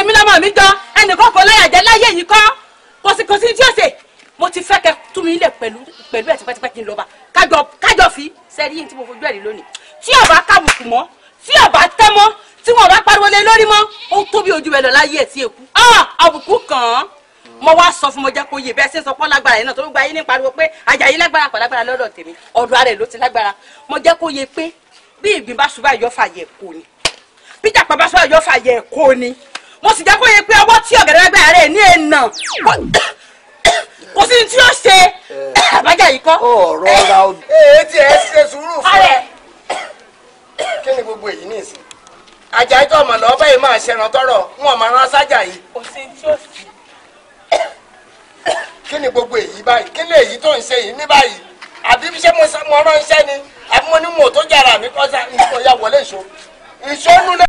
èmi lọ́mọ mi gan ẹnìkan kò láyà jẹ́ láyé yìí kọ́ kò sí kò sí tí ó ṣe mo ti fẹ́ kẹ́ tú mi lẹ̀ pẹ̀lú pẹ̀lú ẹ̀ tipẹ́tipẹ́ kí n lọ́ba kájọ kájọ fi sẹ́rí yìí tí mo fojú ẹ̀rí lónìí tí ọba kábùkù mọ́ tí ọba tẹ́ mọ́ tí wọn bá pariwo lé lórí mọ́ ó tóbi ojú ẹ lọ láyé ẹ̀ tí èkú àbùkù kàn án mo wá sọ fún mo jẹ́ kó yé bẹ́ẹ̀ sí sọ pọ́ lágbára yìí náà tó ń gba yín ní pariwo pé àjàyí lágbára pọ̀ lágbára lọ́dọ̀ tèmi ọ̀dọ̀ ara ẹ̀ ló ti lágbára mo jẹ́ kó yé pé bí ìgbín bá ṣubú àyọ̀fà yẹ kó ni bí jàpá bá ṣubú àyọ̀fà yẹ kó ni mo sì jẹ́ kó yẹ pé ọwọ́ tí ọ̀gẹ̀dẹ̀gbẹ̀ rẹ̀ ní èèna kò sí tí ó ṣe àbájá yìí kọ́. ọ̀rọ̀ ra o. ee eh, eh, tí ẹ ṣe sùúrù fún ẹ kí ni gbogbo èyí ní ìsìn ajá ikọ̀ ọmọ lọ́ọ́ bẹ́ẹ̀ máa ṣẹran tọrọ wọn máa rán sájà yìí. kò sí tí ó ṣe. kí ni gbogbo èyí báyìí kí ni èyí tó ń ṣe yìí ní báyìí àbí ṣé mo ránṣẹ́ ni àbí mo ní mò tó jàrà mi kọ́ sa ìṣòyà wọlé ìṣó ìṣó nulẹ̀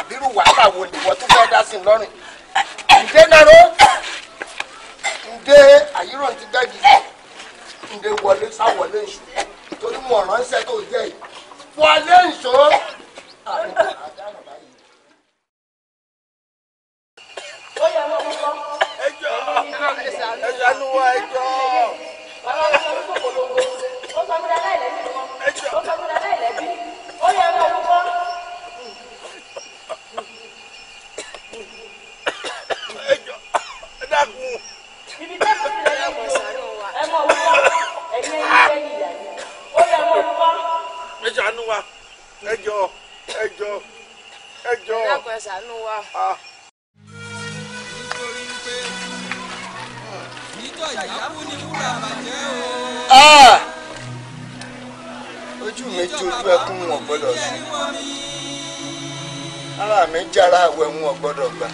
àbírú wàhálà wo ni ìwọ tó fẹ́ dá sí i lọ́rùn ǹdé náró ǹdé àyírò ti gbẹ́gi ǹdé wọlé sáwọlé ìṣó torí mo ránṣẹ́ tó jẹ́ yìí wọlé ìṣó àwọn àdánù báyìí. ó yẹ wọ́n mú kọ́. ẹjọ́ ẹjọ́ ló wá ẹjọ́. ẹ̀yẹ́ ojú mi tójú ẹkún wọn gbọ́dọ̀ sí ara mi jára àwọ ẹmu wọn gbọ́dọ̀ gbà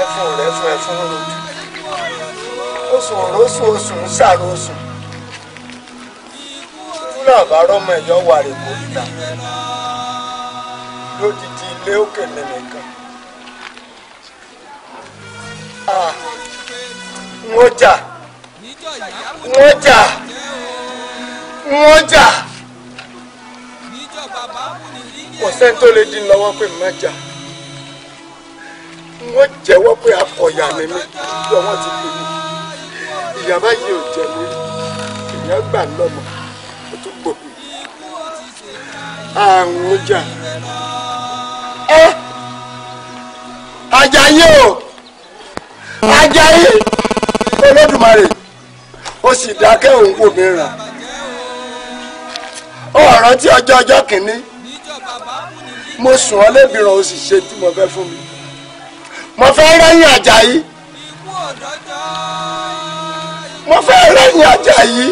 ẹfun rẹ fún ẹfun rojú oṣù òrosùn oṣù ń sàrò làbá rọmọ ẹ̀yọ́ wà rè kó ta lódìdí ilé òkè nìyẹn kan ah, wọ́n jà wọ́n jà wọ́n jà kò sẹ́ni tó lè dín lọ́wọ́ pé má jà wọ́n jẹ́wọ́ pé akọ̀yà ni mí lọ́wọ́ ti pè mí ìyàbá yìí ò jẹ́ mi ìyá lọ́mọ. àrùn níjà ẹ Àjàyí o Àjàyí Olódùmarè ó sì dákẹ́ òun kò mìíràn ó rántí ọjọ́ ọjọ́ kìíní mo sùn ọ́ lébìrán o sì ṣe tí mo fẹ́ fún mi mo fẹ́ rẹ́yìn Àjàyí mo fẹ́ rẹ́yìn Àjàyí.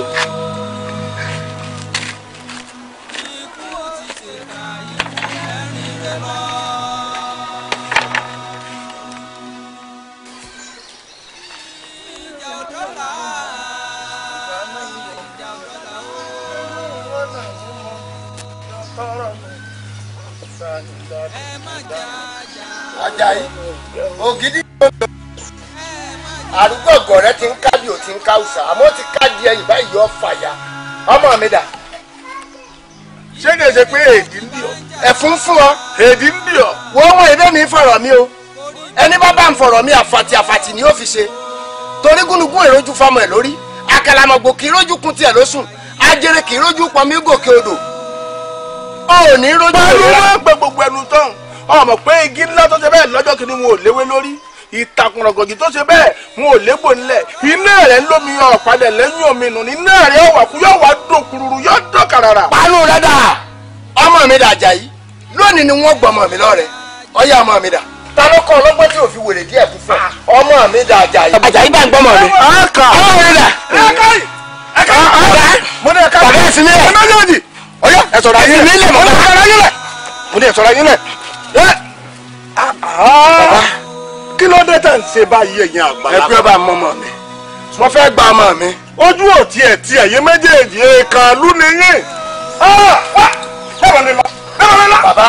Àjàyí ògidì gbòòdò àrùgbò ọgọrẹ ti ń kábì ò ti ń káwùsà àmọ́ ti káàdì ẹ̀yìn báyìí yọ fàyà ọmọ mi dà. ṣé kìí ṣe pé èdè ń bì ọ. ẹ̀fún fún ọ. èdè ń bì ọ. wọ́n mọ èdè mi fọ̀rọ̀ mi o ẹni bá bá ń fọ̀rọ̀ mi àfàtì àfàtì ni yóò fi ṣe torí gúnugún èròjú fọmọ ẹ lórí àkàlàmọ̀gbò kì í rójú kun tiẹ̀ lóṣùn ajere kì í rójú pọnmi gòkè odò. o ní rójú. pẹ̀lú náà gbẹ gbogbo ẹnu tán. ọmọ pé igi ńlá tó ṣe bẹ́ẹ̀ lọ́jọ́ kìíní wọn ò léwé lórí ìtàkùn rọ̀gọ̀dì tó ṣe bẹ́ẹ̀ wọn ò lébò ńlẹ̀ iná rẹ̀ lómi ọ̀padà lẹ́yìn omi nù ní iná rẹ̀ ọ̀wà kú dùn kúrúrú dùn kàràrà. rẹ ọmọ mi dà Àjàyí lónìí ni gbọ́ ọmọ mi ọyá ọmọ mi dà. wèrè ọmọ mi dà Àjàyí. Àjàyí bá ń gbọ́ ọmọ mi. ọkọ ọmọ mi dà. bàbá ẹ ọyọ ẹ sọ̀rọ̀ ayé mo ní ẹ sọ̀rọ̀ ayé Ah! kí ló dé tẹ̀ ń ṣe báyìí ẹ̀yin àgbàlagbà. ẹgbẹ́ bá mọ́ mọ́ mi mo fẹ́ gba ọmọ mi. ojú ò tiẹ̀ tiẹ̀ yé méjèèjì èèkàn lú ni yín. Ah! Ah! bẹ́ẹ̀ ni lọ bẹ́ẹ̀ ni lọ. bàbá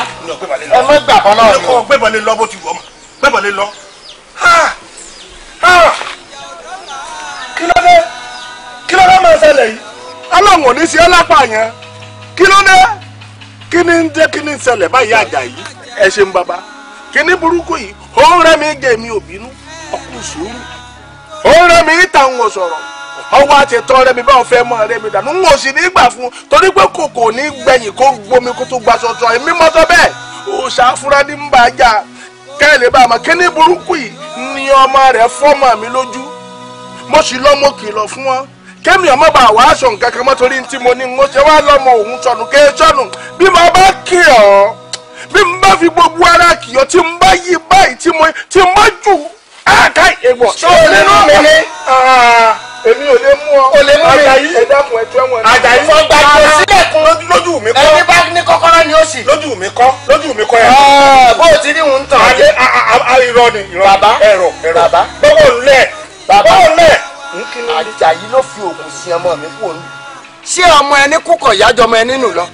ẹ mọ gbà bọ́ náà ni. gbẹ́bọ̀ lè lọ bó ti wọ̀ ọ́ gbẹ́bọ̀ lè lọ. kí ló dé kí ló dé máa ṣẹlẹ̀ yìí. aláwọn ò ní ṣe é yẹn kí ló dé kí ni ń dé kí ni ń ṣẹlẹ̀ báyìí àjà yìí. ẹ̀ṣẹ̀ ń bàbá kíní burúkú yìí ó ń mi gẹ̀mí òbínú usoro. sùúrù ó ń rẹ́ mi ìtàwọn sọ̀rọ̀ ọwọ́ àti ẹ̀tọ́ rẹ mi báwọn fẹ́ mọ́ rẹ mi dànù ń wò sí nígbà fún torí pé kòkò ní gbẹ̀yìn kó gbomi kó tó gba sọ̀tọ̀ ń a jà bá a ni ọmọ lọ fún ọmọ sọ nǹkan kan torí ti mo ní ṣe wá òun sọnù sọnù bí mo bá bí n bá fi gbogbo ara kìyọ tí n bá yí báyìí tí mo tí n bá jù áàká ìgbọ̀n. ṣé o lè mú mi ní. Ah, èmi ò lè mú ọ. o lè mú mi. àjàyí ẹ dákun ẹjọ ẹwọn. àjàyí sọ gba kò sílẹ̀kùn lójú mi kọ́. ẹni bá ní kọ́kọ́rọ́ ni ó sì. lójú mi kọ́ lójú mi kọ́ yẹn. Ah, bó o ti ní òun tàn. àdé irọ́ ni irọ́. bàbá ẹ̀rọ ẹ̀rọ. bàbá gbọ́wọ́ ńlẹ̀. bàbá ńlẹ̀. àjàyí ló fi òògùn sí ọmọ mi kú òun. ṣé ọmọ ẹni kúkọ̀ yájọ ọmọ ẹni nù lọ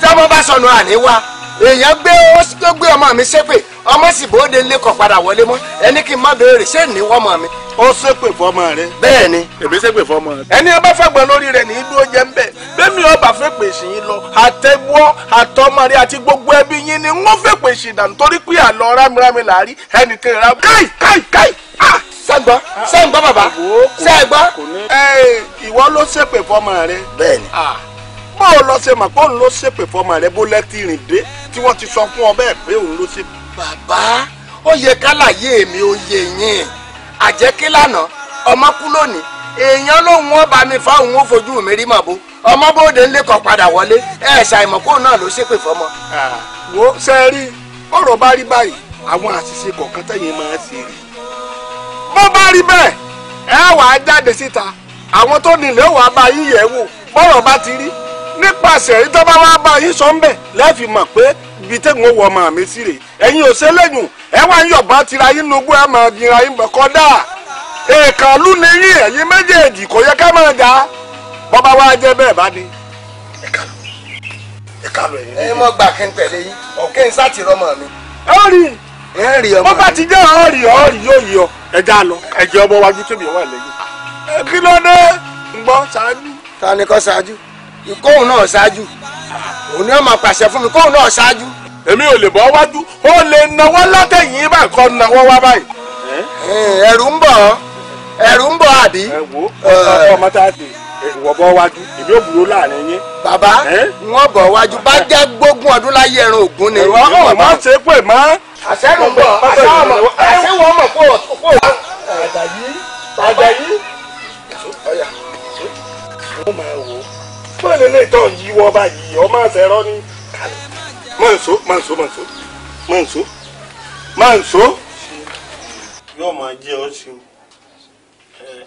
tí ọmọ bá sọnù àníwá èèyàn gbé ó gbé ọmọ mi ṣépè ọmọ sì bóde lé kọ padà wọlé mọ ẹni kí n má béèrè ṣé ní wọ́mọ mi. ó ṣépè fọmọ rẹ. bẹ́ẹ̀ ni. èmi ṣépè fọmọ rẹ. ẹni ọba fẹgbọn lórí rẹ ní ìlú oúnjẹ ń bẹ bẹẹmi ọba fẹpẹ sí yín lọ àtẹwọ àtọmọrí àti gbogbo ẹbí yín ni wọn fẹpẹ sí dànù torí pé àlọ rámírámí là á rí ẹnìkan rà káì káì káì sẹgbọn sẹgbọn bàbá sẹgbọn. ìwọ ló ṣépè fọmọ rẹ. bẹ́ẹ̀ ni bó o lọ ṣe mọ̀ pé òun ló ṣèpè fọmọ rẹ bó lẹ́tí rìn dé tí wọ́n ti sọ fún ọ bẹ́ẹ̀ pé òun ló ṣèpè. bàbá ó yẹ kálàyé mi ó yẹ yín àjẹkí lánàá ọmọ kú lónìí èèyàn lòun wọn mi fáwọn ó fojú mi rí màbo ọmọ bóde ńlẹ kan padà wọlé ẹ ṣàìmọ̀ kó náà ló ṣépè fọmọ. wo ṣe rí ọ̀rọ̀ bá rí báyìí àwọn àṣìṣe kọ̀ọ̀kan tẹ̀yìn máa ń ṣe rí. bó bá rí bẹ́ẹ̀ ẹ wàá jáde síta àwọn tó nílé wàá bá yíyẹ̀ wò bọ́rọ̀ bá ti rí nípasẹ̀ ìjọba wa bá yín sọ ń bẹ̀ lẹ́ẹ̀fì mọ̀ pé ibi tẹ́gun owó ọmọ mi sí rè ẹ̀yin ò ṣe lẹ́yìn ẹ wá ń yọ̀bá tira yín lógbó ẹ̀ máa gbìnra yín bọ̀ kọ́dà yín ẹ̀yin méjèèjì kò yẹ ká máa bọ́ba wa jẹ́ bẹ́ẹ̀ bá ní. ẹ mọ gbà kí n tẹ̀lé yín mi. rí ẹ rí ọmọ mi. bọ́ba ti jẹ́ ọ̀rì ọ̀rì yóò yọ ẹja lọ ẹjẹ ọmọ wájú tóbi ọwọ́ kóhùn náà ṣáájú òun ni pàṣẹ fún mi kóhùn náà ṣáájú. èmi ò lè bọ́ wájú ó lè náwó látẹ̀yìn bá kọ́ náwó wá báyìí. ẹ̀rù ń bọ̀ ẹ̀rù ń bọ̀ àbí. a ìwọ bọ wájú èmi ò burú láàrin yín. bàbá wọn bọ wájú bá jẹ gbógun ọdún láyé ẹran ògún ni. ìwọ náà má mọ̀ lélẹ̀ ìtọ́ yíwọ́ báyìí ọmọ àṣẹrọ ní kalẹ̀ mọ̀nsó mọ̀nsó mọ̀nsó mọ̀nsó mọ̀nsó. yóò máa jẹ́ ọ sí o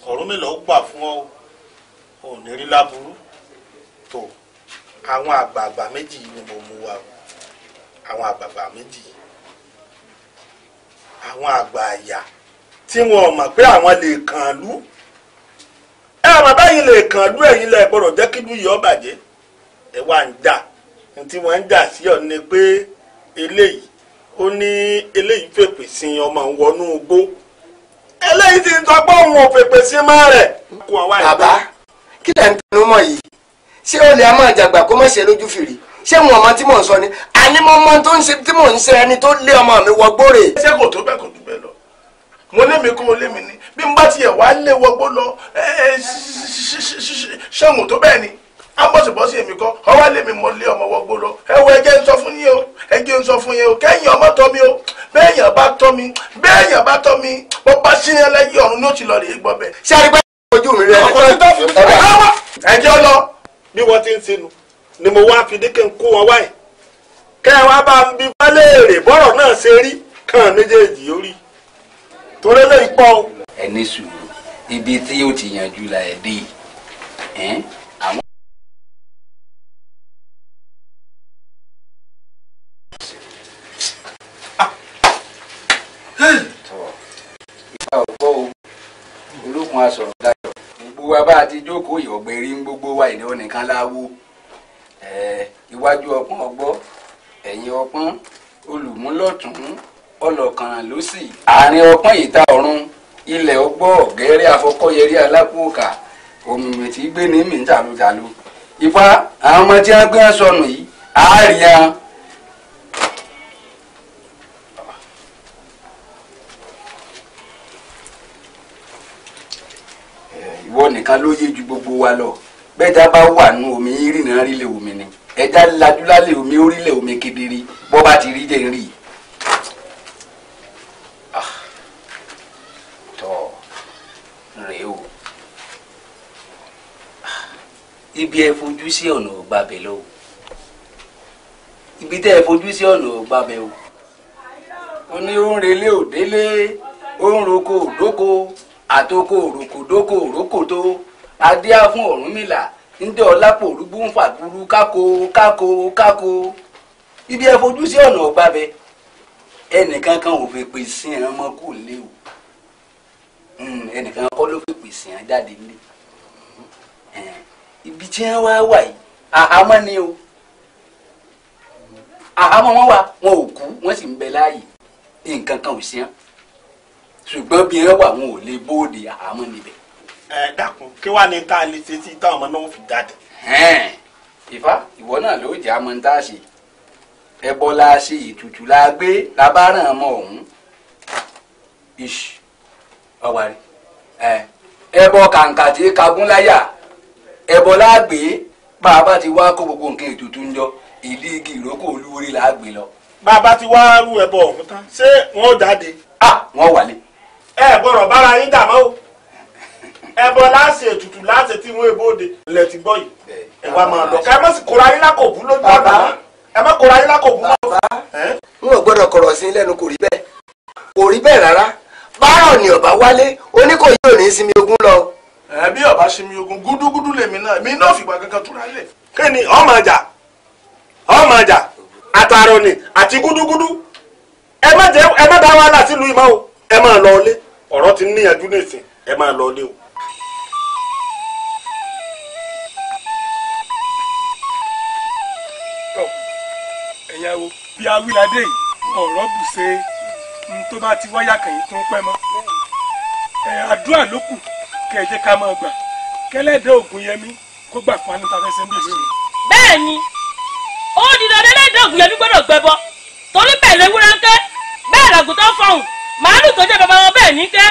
ọ̀rọ̀ mélòó gbà fún ọ ò ní rí láburú tó àwọn àgbààgbà méjì ni mo mú wa àwọn àgbààgbà méjì àwọn àgbà àyà tí wọn ò mọ̀ pé àwọn lè kàn án lù ẹ báyìí lè kàn lú ẹ̀yìn lẹ̀ gbọ́dọ̀ jẹ́ kí lùyìí ọ bàjẹ́ ẹ wá ń jà tí wọ́n ń jà sí ọ ni pé eléyìí ó ní eléyìí fèpè sí ọmọ wọnú igbó eléyìí ti ń tọgbọ́ òun ò fèpè sí mọ́ rẹ̀. bàbá kí lẹ̀ ń tẹnu mọ́ yìí ṣé olè a máa jàgbà kó má ṣe lójú fìrí ṣé mo ọmọ tí mò ń sọ ni àní mo mọ tó ń ṣe tí mò ń ṣe ẹni tó lé ọmọ mi wọ gbóre. ṣé kò tó bẹ́ẹ̀ kò tó bẹ́ẹ̀ lọ. mo lémi kó mo lémi ni bí n bá tiẹ̀ wá lé wọgbó lọ ṣẹ́hùn tó bẹ́ẹ̀ ni èmi kọ́ ọwọ́ mo lé ọmọ wọgbó lọ ẹ wo ń sọ fún yín o ẹ ń sọ fún yín o kẹ́yìn ọmọ tọ́ mi o bẹ́ẹ̀yàn bá tọ́ mi bó bá ọ̀run ló ti lọ rèé gbọ́ ṣe rí kàn méjèèjì torí lè pọ̀ o. ẹ ní sùúrù ibi tí yóò ti yanjú la ẹ dé yìí àwọn. Ah! olókun asọ̀rọ̀ dayọ̀ gbogbo wa bá a ti jókòó ìyọ̀gbẹ́ rí gbogbo wa ìdí onìkan láwo iwájú ọpọ́n ọgbọ́ ẹ̀yìn ọpọ́n olùmúlọ̀tún ọlọ́kànràn ló sì àárín ọpọ́n ìta ọ̀run ilẹ̀ ọgbọ́ ọ̀gẹ́rẹ́ àfọkọ́yẹrí alápòkà òmùmí tí gbé ní mí tàlótàló ipa àwọn ọmọ tí wọn gbé wọn sọnù yìí àárín wọn. ìwọ nìkan ló yé ju gbogbo wa lọ bẹ́ẹ̀dá bá wà nù omi rìnnà rí lè omi ni ẹja lajú omi orílẹ̀ omi kedere bọ́ bá ti rí jẹ́ rí i. rèé o ibi ẹ fojú sí ọ̀nà ògbàbẹ̀ lọ o ibi tẹ́ ẹ fojú sí ọ̀nà ògbàbẹ̀ o onírúurelé òdélé òǹroko òdóko àtoko òròkò dóko òrókò tó adéá fún Ọ̀rúnmìlà ndé ọlápò rúgbó ń fàgbúrú káko káko káko ibi ẹ fojú sí ọ̀nà ògbàbẹ̀ ẹnìkankan ò fẹ́ pèsè ẹran mọ́ kò léwu. Hmm, ẹnìkan kọ́ ló fèpè sí hàn jáde nílé hmm, ibi tí wọ́n wá wà yìí àhámọ́ ni o àhámọ́ wọn wà wọn ò kú wọ́n sì ń bẹ láàyè nǹkan kan ò sí hàn ṣùgbọ́n bí wọ́n wà wọn ò lè bóde àhámọ́ níbẹ̀. ẹ dákun kí wàá ní tá a lè ṣe sí táwọn ọmọ náà fi jáde. ìfá ìwọ náà ló jẹ́ àmọ́ ń tá a ṣe ẹbọ la ṣe ètùtù la gbé labáràn ọmọ ọ̀hún. ọwari ebe ọka tí kagúnláyà ẹbọ láàgbé baba ti wá kó gbogbo nke ètùtù ń jọ ìdí igi ìrókò olúworí làágbé lọ. baba ti wá rú ẹbọ ọ̀hún tán wọn dade. a wọn wale. ẹ gbọ́dọ̀ bára yín o ẹbọ ètùtù tí wọn lẹ ti yìí lọ. kóra yín ẹ bárọ̀ ni ọba wálé oníkòyí ò ní sinmi ogun lọ. ẹ ọba sinmi ogun gúdúgúdú lèmi náà mi náà fìgbà kankan túra lẹ. kí ni ọmọ ọjà ọmọ ọjà àtàrọ ni àti gúdúgúdú ẹ má jẹ ẹ má dá wàhálà sílùú ìmọ̀ o ẹ má lọ ilé ọ̀rọ̀ ti níyànjú nìsín ẹ má lọ ilé o. ẹ̀yin awo bí ọ̀rọ̀ bù ṣe tó bá ti wáyà kẹ̀yìn tó ń pẹ́ mọ́ àdúrà ló kù kẹ̀ jẹ́ ká máa gbà kẹ́lẹ́dẹ́ ògùn yẹmí kó gbà fún anita fẹsẹ̀ ń bèèrè rẹ̀. bẹ́ẹ̀ ni ó di dandan lẹ́dẹ̀ ògùn yẹmí gbọ́dọ̀ gbẹbọ torí pẹ̀lú ewúrẹ́ ń kẹ́ bẹ́ẹ̀ làgùntàn fọ̀hùn màálù tó jẹ́ bàbá wọn bẹ́ẹ̀ ní kẹ́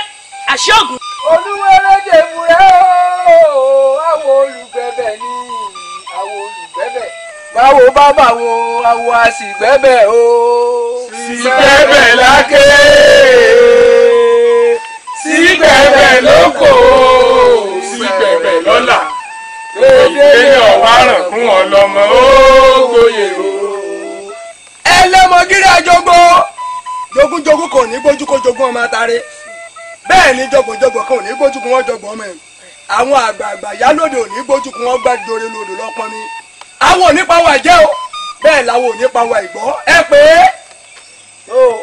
àṣẹ ògùn. olúwẹ́rẹ́dẹ̀ múrẹ́ ooo àwọn olùgbẹ̀bẹ̀ ni àwọn olùgbẹ̀bẹ̀ báwo bá bá àwọn àṣìgbẹ̀bẹ̀ ooo síbẹ̀bẹ̀ láké síbẹ̀bẹ̀ lóko síbẹ̀bẹ̀ lọ́là èdè ọ̀wárán fún ọlọ́mọ ó gboyè o. ẹlẹ́mọ̀gírí àjọgbó jogunjogun kò ní gbójú kó jogún ọmọ atare bẹ́ẹ̀ ni jọ̀gbọ̀jọ̀gbọ̀ kan ò ní gbójú kó wọ́n jọ̀gbọ̀ ọmọ ẹ̀ àwọn àgbààgbà yálòdì ò ní gbójú kó wọ́n gbàdúró lòdò lọ́pọ̀ mi àwọn ò ní pa wà jẹ́ o bẹ́ẹ̀ làwọn ò pa wà ìgbọ́ ẹ pé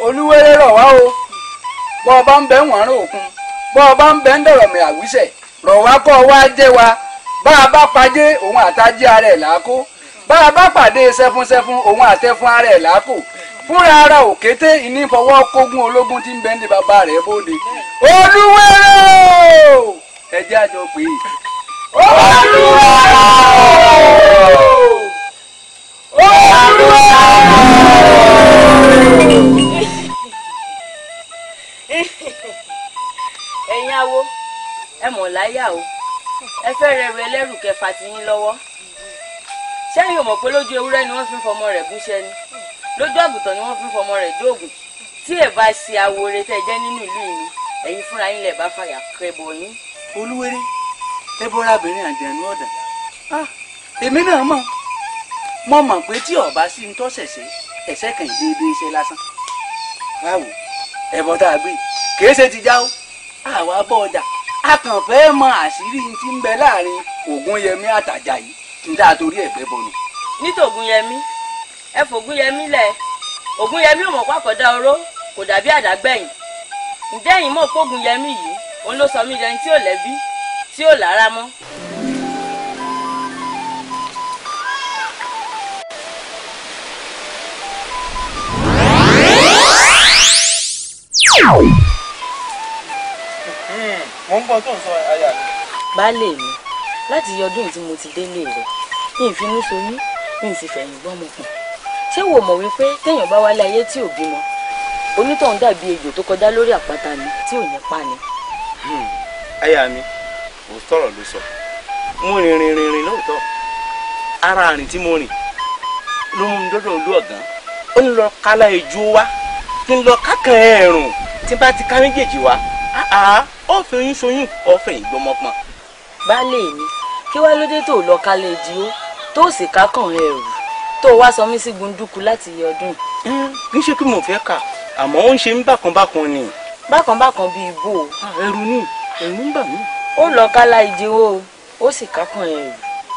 olúwẹ́rẹ́ rọ̀ wá o bọ́ ọba ń bẹ ń wàrán òkun bọ́ ọba ń bẹ ń dọ̀rọ̀ mi àwísẹ̀ rọ̀ wá kọ́ wá jẹ́ wa bá a bá pàdé òun àtàjẹ́ ara ẹ̀ làákó bá a bá pàdé sẹ́fúnsẹ́fún òun àtẹ́fún ara ẹ̀ làákò fúnra ara òkété ìní fọwọ́ kógun ológun tí ń bẹ ní bàbá rẹ̀ bóde olúwẹ́rẹ́ ẹ jẹ́ àjọ pé olúwẹ́rẹ́ olúwẹ́rẹ́. aláwo ẹ mọ̀ láyà o ẹ fẹ́ rẹrù ẹlẹ́rù kẹfà ti yín lọ́wọ́ sẹ́yìn ò mọ̀ pé lójú ewúrẹ́ ni wọ́n fi ń fọmọ rẹ̀ gúnṣẹ́ ni lójú àgùntàn ni wọ́n fi ń fọmọ rẹ̀ dóògùn tí ẹ bá ṣe awore tẹ́ jẹ́ nínú ìlú yìí ẹ̀yin fúnra yín lẹ̀ bá fàyà kẹbọ yín. olúwerè ẹ bọra abìnrin àjẹnú ọ̀dà ah, èmi náà mọ̀ mo mọ̀ pé tí ọba sí ń tọ́sẹ̀sẹ̀ ẹ̀sẹ̀ kàn déédéé iṣẹ́ lásán báwo ẹ̀bọ tá a gbé kì í ṣe ti já o àwa bọ ọjà a kàn fẹ́ mọ àṣírí tí ń bẹ láàrin Ògúnyẹmí àtàjà yìí tí ń dáa torí ẹ̀fẹ́ bọ̀ ni. ní tògúnyẹmí ẹ fògúnyẹmí lẹ Ògúnyẹmí ò mọ̀ pàkọ́dá oró kò dàbí àdágbẹ̀yìn ǹjẹ́ ẹ̀yin mọ̀ pògúnyẹmí yìí òun ló sọ mí dẹni tí ò lẹ́bí tí ò lára mọ́. Ow! mo ń gbọ́ tó ń sọ aya mi. baálé mi láti yọdún tí mo ti délé rẹ̀ kí n finú soyún kí n sì fẹ̀yìn gbọ́mọ kàn ṣé wò mọ̀ wípé téèyàn bá wálé ayé tí ò bímọ onítọ̀hún dàbí ejò tó kọjá lórí àpáta ni tí ò ní pa ni. Hmm. aya mi ò tọrọ ló sọ mo rìn rìn rìn rìn lóòótọ́ ara àrìn tí mo rìn ló mú mi dọ́dọ̀ olú ọ̀gán ó ń lọ kálá ejò wá kí lọ kákan ẹ̀rùn tí bá ti ká méjèèjì wá ó fi oyún soyún ọ̀fẹ́ ìgbọmọpọn. baálé mi kí wàá lóde tó lọ kálẹ̀ di ó tó sì kákàn rẹ rù tó wá sọ mí sí gbunduku láti yẹ ọdún. kì í ṣe kí mo fẹ́ kà àmọ́ ó ń ṣe mí bákanbákan ni. bákanbákan bíi ibo. Ah, ẹ̀rù ni ẹ̀rù ń bà mí. ó lọ kálá ìdíwọ́ ó sì kákàn rẹ rù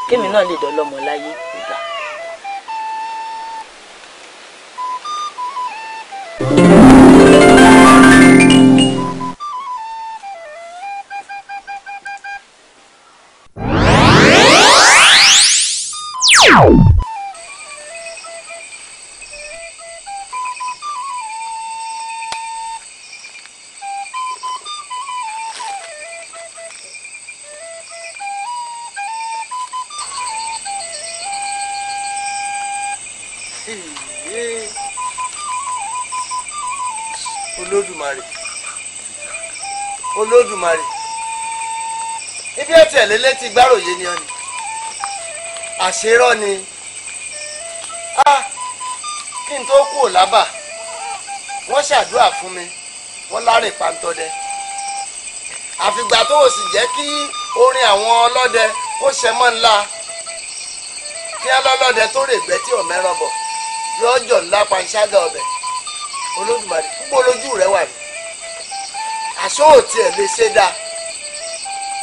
kémi náà lè dọ́lọ́mọ láyé. elétí gbáròyé ni ọ̀nì àṣerọ́ ni a ah, kí n tó kú ò lábà wọ́n ṣàdúrà fún mi wọ́n lárìn pàǹtọ́dẹ àfìgbà tó o sì jẹ́ kí orin àwọn ọlọ́dẹ kó ṣe mọ́ ńlá kí ọlọ́lọ́dẹ tó rè gbẹ́ tí ò mẹ́ràn bọ̀ lọ́jọ́ ńlá panṣágà ọbẹ̀ olódùmarè púpọ̀ lójú rẹ wà ní àṣọ òtí ẹ̀ lè ṣe dáa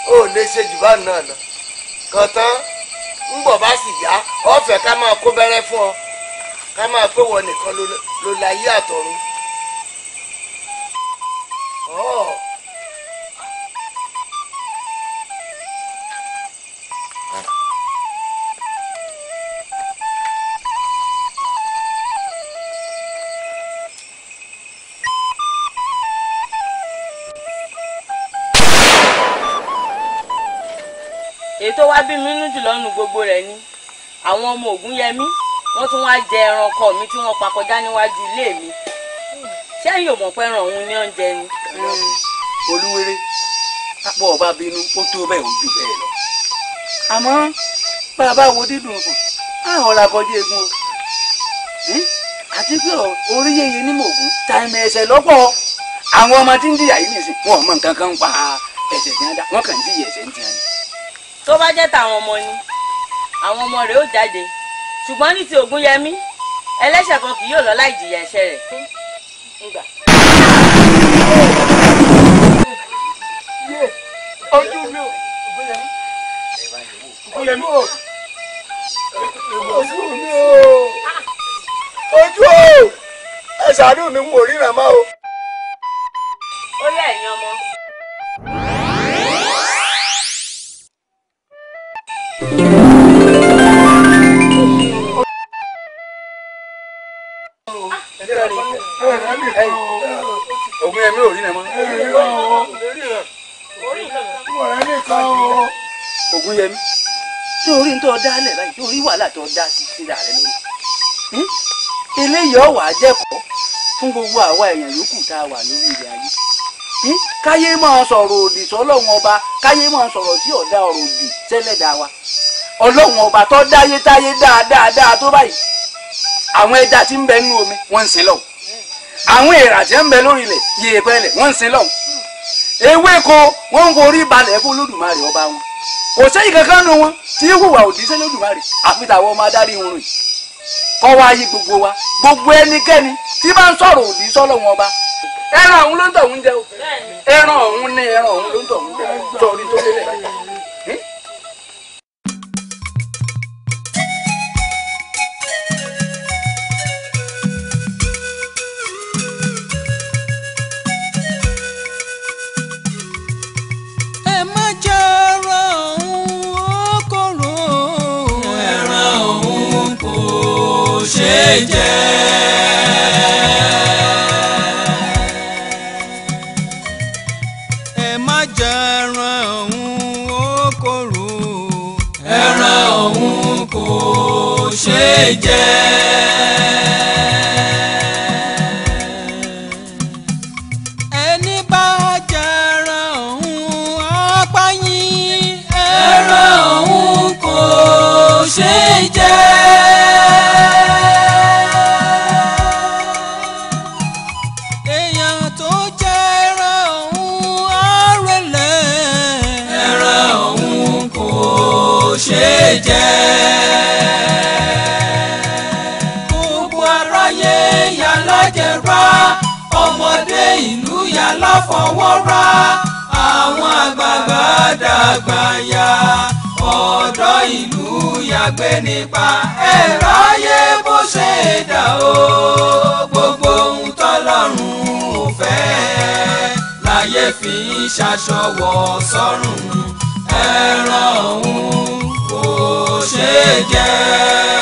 ó lè ṣe jù bá náà lọ kàn tán ń bọ̀ bá sì yá ọ̀fẹ́ ká máa kó bẹ́rẹ́ fún ọ ká máa pé wọ nìkan ló la àtọ̀run. ọ̀ọ́ wá bí mi nínú jùlọ nu gbogbo rẹ̀ ni àwọn ọmọ Ògúnyẹmí wọ́n tún wá jẹ ẹranko mi tí wọ́n pa níwájú ilé mi sẹ́yìn ò mọ̀ pé ẹran òun ní oúnjẹ ni. Hmm. olúwere pọ̀ ọba bínú ó tó bẹ́ẹ̀ ó jù bẹ́ẹ̀ lọ. àmọ́ bá wo dídùn ọkàn á ọ̀rà kọjá egun o hmm? àti pé orí yeye ní mògùn táìmù ẹsẹ̀ lọ́pọ̀ àwọn ọmọ tí ń jìyà yìí nìsín wọn ò mọ nǹkan kan pa ẹsẹ̀ tí wọn kàn ń jìyà ẹsẹ̀ ń tiẹ̀ ni tó bá jẹ́ tàwọn ọmọ ni àwọn ọmọ rẹ̀ ó jáde ṣùgbọ́n ní ti Ògúnyẹmí ẹlẹ́ṣẹ̀ kan kì yóò lọ láì jìyà ẹ̀ṣẹ̀ rẹ̀. ojú mi ò Ògúnyẹmí Ògúnyẹmí ò ojú mi ò ojú ò ẹ ṣàánú mi ń wò ríran mọ́ o. ó yẹ ẹ̀yin ọmọ. mi ò rí rẹ mọ́. ògùn yẹmi tí orí ń tọ́ dálẹ̀ orí fún gbogbo àwa èèyàn yòókù wà lórí ilẹ̀ hmm? káyé máa sọ̀rọ̀ òdì ọba káyé máa sọ̀rọ̀ sí ọ̀dà ọ̀rọ̀ òdì wa ọba tọ́ dáyé táyé dáadáa tó báyìí àwọn ẹja ń bẹ nínú àwọn èèrà tí ń bẹ lórí ilẹ̀ yèèpẹ̀ lẹ̀ wọ́n ń sin lọ́hùn ewéko wọ́n ń forí balẹ̀ fún olódùmarè ọba wọn kò sẹ́yìn kankan nu wọn tí yóò wà lódùmarè àfi ọmọ adarí wọn rìn kọ́ wa yí gbogbo wa gbogbo ẹnikẹ́ni tí bá ń sọ̀rọ̀ òdì sọ́lọ́ ọba ẹran ọ̀hún ló ń tọ̀ jẹ ẹran ọ̀hún ní ẹran ọ̀hún ló ń tọ̀ jẹ sọ̀rí tó lélẹ̀. fọwọ́ ra àwọn àgbààgbà dàgbà ya ọ̀dọ́ ìlú yàgbẹ́ nípa ẹ̀rọ ayé bó ṣe dà o gbogbo ohun tọ́lọ́run ò fẹ́ láyé fi ń ṣaṣọwọ́ sọ́run ẹran òun kò ṣeé jẹ́.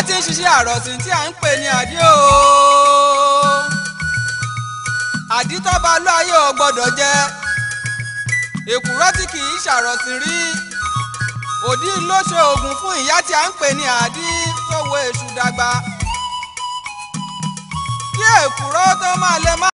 a ti ń ṣiṣẹ́ àròsìn tí à ń pè ní àdí o. àdí tọ́ba ló ayé ọ gbọ́dọ̀ jẹ èkùrọ́ tí kì í ṣàròsìn rí òdí ló ṣe oògùn fún ìyá tí à ń pè ní àdí tó wo èṣù dàgbà kí èkùrọ́ tó máa lè má.